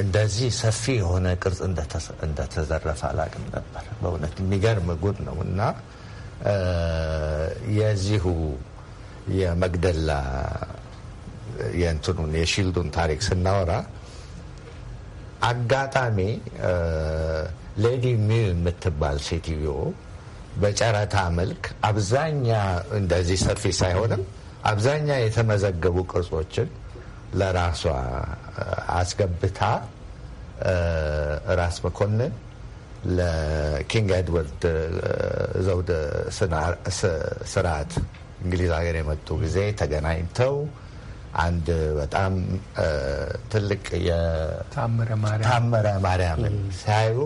እንደዚህ ሰፊ የሆነ ቅርጽ እንደተዘረፈ አላቅም ነበር። በእውነት የሚገርም ጉድ ነው እና የዚሁ የመግደላ የእንትኑን የሺልዱን ታሪክ ስናወራ አጋጣሚ ሌዲ ሚ የምትባል ሴትዮ በጨረታ መልክ አብዛኛ እንደዚህ ሰፊ ሳይሆንም አብዛኛ የተመዘገቡ ቅርጾችን ለራሷ አስገብታ ራስ መኮንን ለኪንግ ኤድወርድ ዘውድ ስርዓት እንግሊዝ ሀገር የመጡ ጊዜ ተገናኝተው አንድ በጣም ትልቅ የታምረ ማርያምን ሲያዩ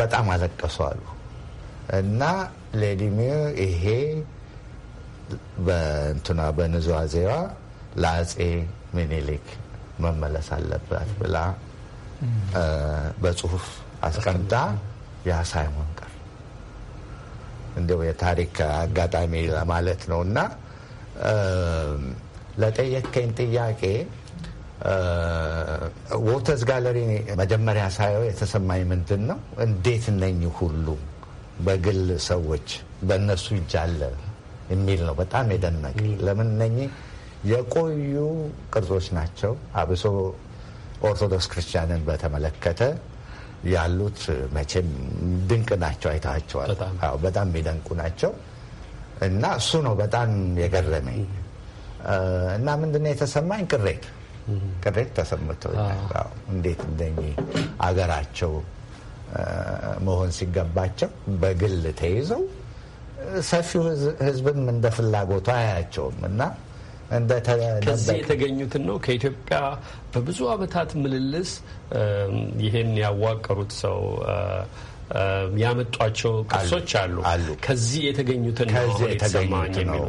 በጣም አለቀሱ አሉ እና ሌዲሚር ይሄ በእንትኗ በንዟዜዋ ለአጼ ምኒልክ መመለስ አለበት ብላ በጽሁፍ አስቀምጣ ያ ሳይሆን ቀር እንዲው የታሪክ አጋጣሚ ለማለት ነው እና ለጠየከኝ ጥያቄ ዎተርስ ጋለሪ መጀመሪያ ሳየው የተሰማኝ ምንድን ነው፣ እንዴት እነኝህ ሁሉ በግል ሰዎች በእነሱ ይጃለ የሚል ነው። በጣም የደነቀ ለምን እነኝህ የቆዩ ቅርጾች ናቸው። አብሶ ኦርቶዶክስ ክርስቲያንን በተመለከተ ያሉት መቼም ድንቅ ናቸው። አይታቸዋል። በጣም የሚደንቁ ናቸው እና እሱ ነው በጣም የገረመኝ እና ምንድነው የተሰማኝ ቅሬት ቅሬት ተሰምቶ እንዴት እንደ አገራቸው መሆን ሲገባቸው በግል ተይዘው ሰፊው ሕዝብም እንደ ፍላጎቱ አያያቸውም እና Uh, ከዚህ የተገኙትን ነው። ከኢትዮጵያ በብዙ አመታት ምልልስ ይህን ያዋቀሩት ሰው ያመጧቸው ቅርሶች አሉ። ከዚህ የተገኙትን ነው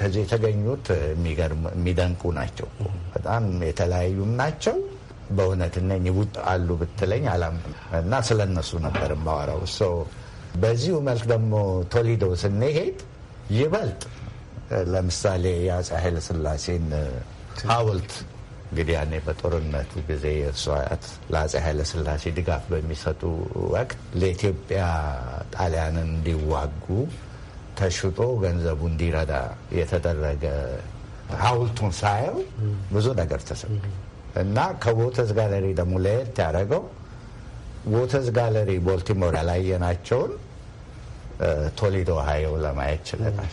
ከዚህ የተገኙት የሚደንቁ ናቸው። በጣም የተለያዩም ናቸው። በእውነት እነኝ ውጥ አሉ ብትለኝ አላም እና ስለ እነሱ ነበር የማወራው። በዚሁ መልክ ደግሞ ቶሊዶ ስንሄድ ይበልጥ ለምሳሌ የአፄ ኃይለስላሴን ሀውልት እንግዲህ ያኔ በጦርነቱ ጊዜ የእሷት ለአፄ ኃይለስላሴ ድጋፍ በሚሰጡ ወቅት ለኢትዮጵያ ጣሊያንን እንዲዋጉ ተሽጦ ገንዘቡ እንዲረዳ የተደረገ ሀውልቱን ሳየው ብዙ ነገር ተሰማ እና ከቦተዝ ጋለሪ ደግሞ ለየት ያደረገው ቦተዝ ጋለሪ ቦልቲሞር ያላየናቸውን ቶሊዶ ሀየው ለማየት ችለናል።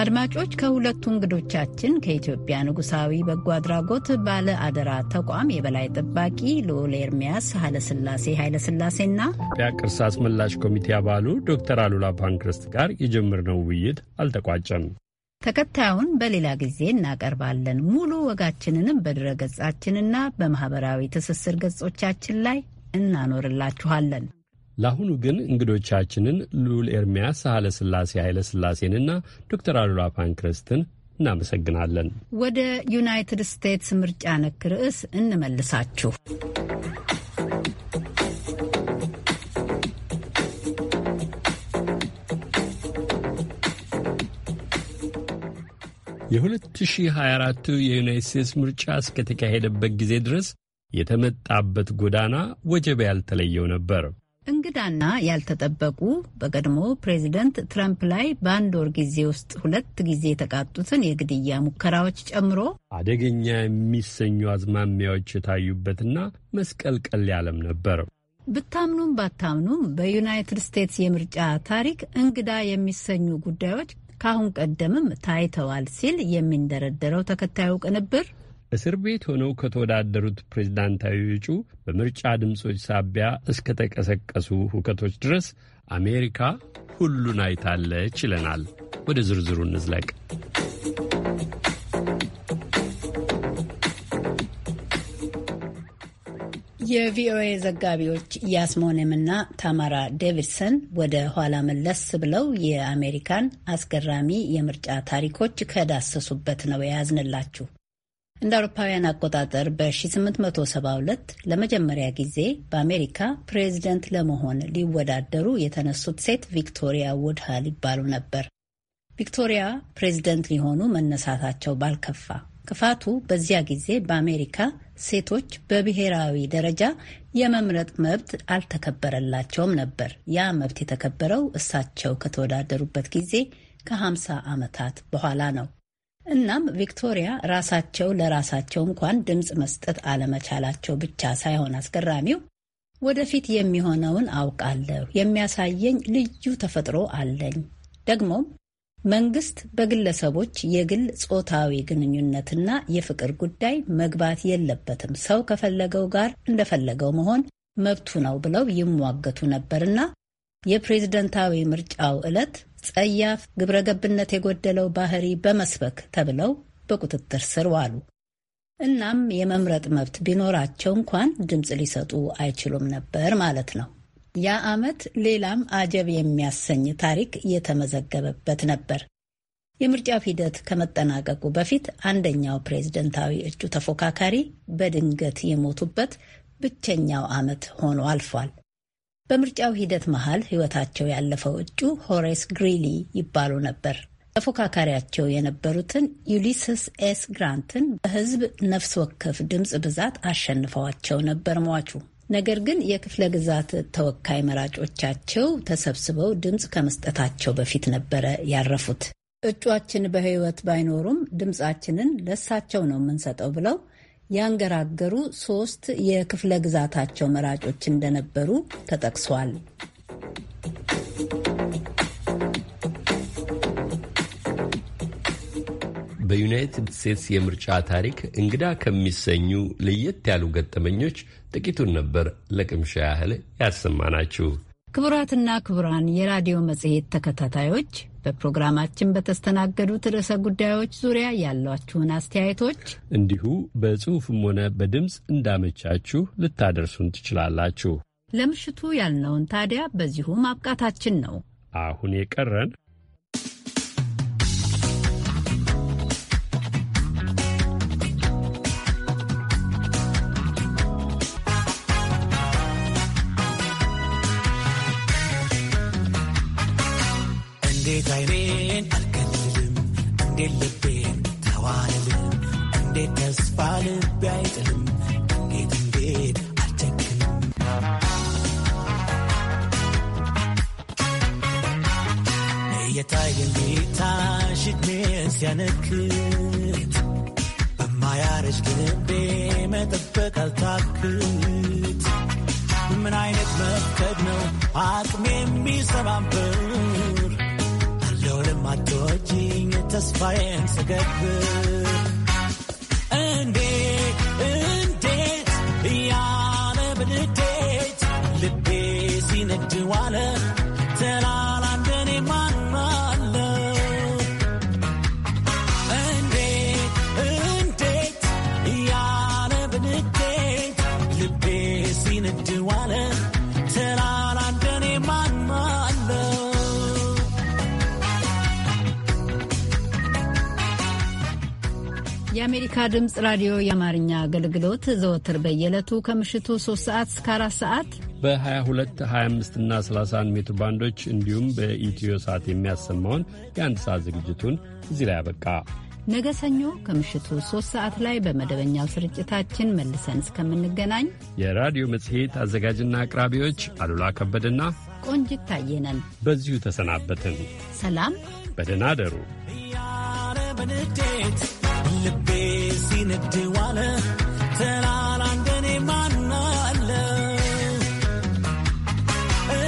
አድማጮች ከሁለቱ እንግዶቻችን ከኢትዮጵያ ንጉሳዊ በጎ አድራጎት ባለ አደራ ተቋም የበላይ ጠባቂ ልዑል ኤርሚያስ ኃይለስላሴ ኃይለስላሴና ኢትዮጵያ ቅርስ አስመላሽ ኮሚቴ አባሉ ዶክተር አሉላ ፓንክረስት ጋር የጀመርነው ውይይት አልተቋጨም። ተከታዩን በሌላ ጊዜ እናቀርባለን። ሙሉ ወጋችንንም በድረ ገጻችንና በማህበራዊ ትስስር ገጾቻችን ላይ እናኖርላችኋለን። ለአሁኑ ግን እንግዶቻችንን ልዑል ኤርሚያስ ሳህለ ስላሴ ኃይለ ስላሴንና ዶክተር አሉላ ፓንክረስትን እናመሰግናለን። ወደ ዩናይትድ ስቴትስ ምርጫ ነክ ርዕስ እንመልሳችሁ። የ2024 የዩናይት ስቴትስ ምርጫ እስከተካሄደበት ጊዜ ድረስ የተመጣበት ጎዳና ወጀብ ያልተለየው ነበር። እንግዳና ያልተጠበቁ በቀድሞ ፕሬዚደንት ትራምፕ ላይ በአንድ ወር ጊዜ ውስጥ ሁለት ጊዜ የተቃጡትን የግድያ ሙከራዎች ጨምሮ አደገኛ የሚሰኙ አዝማሚያዎች የታዩበትና መስቀልቀል ያለም ነበር። ብታምኑም ባታምኑም በዩናይትድ ስቴትስ የምርጫ ታሪክ እንግዳ የሚሰኙ ጉዳዮች ከአሁን ቀደምም ታይተዋል ሲል የሚንደረደረው ተከታዩ ቅንብር እስር ቤት ሆነው ከተወዳደሩት ፕሬዝዳንታዊ እጩ በምርጫ ድምፆች ሳቢያ እስከተቀሰቀሱ ሁከቶች ድረስ አሜሪካ ሁሉን አይታለች ይለናል። ወደ ዝርዝሩ እንዝለቅ። የቪኦኤ ዘጋቢዎች ያስሞኔምና ታማራ ዴቪድሰን ወደ ኋላ መለስ ብለው የአሜሪካን አስገራሚ የምርጫ ታሪኮች ከዳሰሱበት ነው የያዝንላችሁ። እንደ አውሮፓውያን አቆጣጠር በ1872 ለመጀመሪያ ጊዜ በአሜሪካ ፕሬዚደንት ለመሆን ሊወዳደሩ የተነሱት ሴት ቪክቶሪያ ውድሃል ይባሉ ነበር። ቪክቶሪያ ፕሬዚደንት ሊሆኑ መነሳታቸው ባልከፋ ክፋቱ በዚያ ጊዜ በአሜሪካ ሴቶች በብሔራዊ ደረጃ የመምረጥ መብት አልተከበረላቸውም ነበር። ያ መብት የተከበረው እሳቸው ከተወዳደሩበት ጊዜ ከ50 ዓመታት በኋላ ነው። እናም ቪክቶሪያ ራሳቸው ለራሳቸው እንኳን ድምፅ መስጠት አለመቻላቸው ብቻ ሳይሆን አስገራሚው ወደፊት የሚሆነውን አውቃለሁ፣ የሚያሳየኝ ልዩ ተፈጥሮ አለኝ። ደግሞም መንግስት በግለሰቦች የግል ጾታዊ ግንኙነትና የፍቅር ጉዳይ መግባት የለበትም፣ ሰው ከፈለገው ጋር እንደፈለገው መሆን መብቱ ነው ብለው ይሟገቱ ነበርና የፕሬዝደንታዊ ምርጫው ዕለት ጸያፍ ግብረገብነት የጎደለው ባህሪ በመስበክ ተብለው በቁጥጥር ስር ዋሉ። እናም የመምረጥ መብት ቢኖራቸው እንኳን ድምፅ ሊሰጡ አይችሉም ነበር ማለት ነው። ያ ዓመት ሌላም አጀብ የሚያሰኝ ታሪክ የተመዘገበበት ነበር። የምርጫው ሂደት ከመጠናቀቁ በፊት አንደኛው ፕሬዝደንታዊ እጩ ተፎካካሪ በድንገት የሞቱበት ብቸኛው ዓመት ሆኖ አልፏል። በምርጫው ሂደት መሀል ህይወታቸው ያለፈው እጩ ሆሬስ ግሪሊ ይባሉ ነበር። ተፎካካሪያቸው የነበሩትን ዩሊስስ ኤስ ግራንትን በህዝብ ነፍስ ወከፍ ድምፅ ብዛት አሸንፈዋቸው ነበር ሟቹ። ነገር ግን የክፍለ ግዛት ተወካይ መራጮቻቸው ተሰብስበው ድምፅ ከመስጠታቸው በፊት ነበረ ያረፉት። እጯችን በህይወት ባይኖሩም ድምፃችንን ለሳቸው ነው የምንሰጠው ብለው ያንገራገሩ ሶስት የክፍለ ግዛታቸው መራጮች እንደነበሩ ተጠቅሷል። በዩናይትድ ስቴትስ የምርጫ ታሪክ እንግዳ ከሚሰኙ ለየት ያሉ ገጠመኞች ጥቂቱን ነበር ለቅምሻ ያህል ያሰማናችሁ። ክቡራትና ክቡራን የራዲዮ መጽሔት ተከታታዮች በፕሮግራማችን በተስተናገዱት ርዕሰ ጉዳዮች ዙሪያ ያሏችሁን አስተያየቶች እንዲሁ በጽሑፍም ሆነ በድምፅ እንዳመቻችሁ ልታደርሱን ትችላላችሁ። ለምሽቱ ያልነውን ታዲያ በዚሁ ማብቃታችን ነው። አሁን የቀረን Zaireen alkalim, ande lebeen tawalim, ande tasfalı baytlim, ande dindet alçaklim. Neye tayin bir taşit nez yanıkıt, ama yarış günü bime tıpkı kaltakıt. Min aynet mıkkıt አትወጂኝ ተስፋዬን ስገብር እንዴት እንዴት እያለ ብንዴት ልቤ ሲነድዋለ የአሜሪካ ድምፅ ራዲዮ የአማርኛ አገልግሎት ዘወትር በየዕለቱ ከምሽቱ 3 ሰዓት እስከ 4 ሰዓት በ22፣ 25 እና 31 ሜትር ባንዶች እንዲሁም በኢትዮ ሰዓት የሚያሰማውን የአንድ ሰዓት ዝግጅቱን እዚህ ላይ አበቃ። ነገ ሰኞ ከምሽቱ 3 ሰዓት ላይ በመደበኛው ስርጭታችን መልሰን እስከምንገናኝ የራዲዮ መጽሔት አዘጋጅና አቅራቢዎች አሉላ ከበድና ቆንጅት ታየነን በዚሁ ተሰናበትን። ሰላም፣ በደህና አደሩ። ልቤ ሲንድ ዋለ ተራራ እንደኔ ማን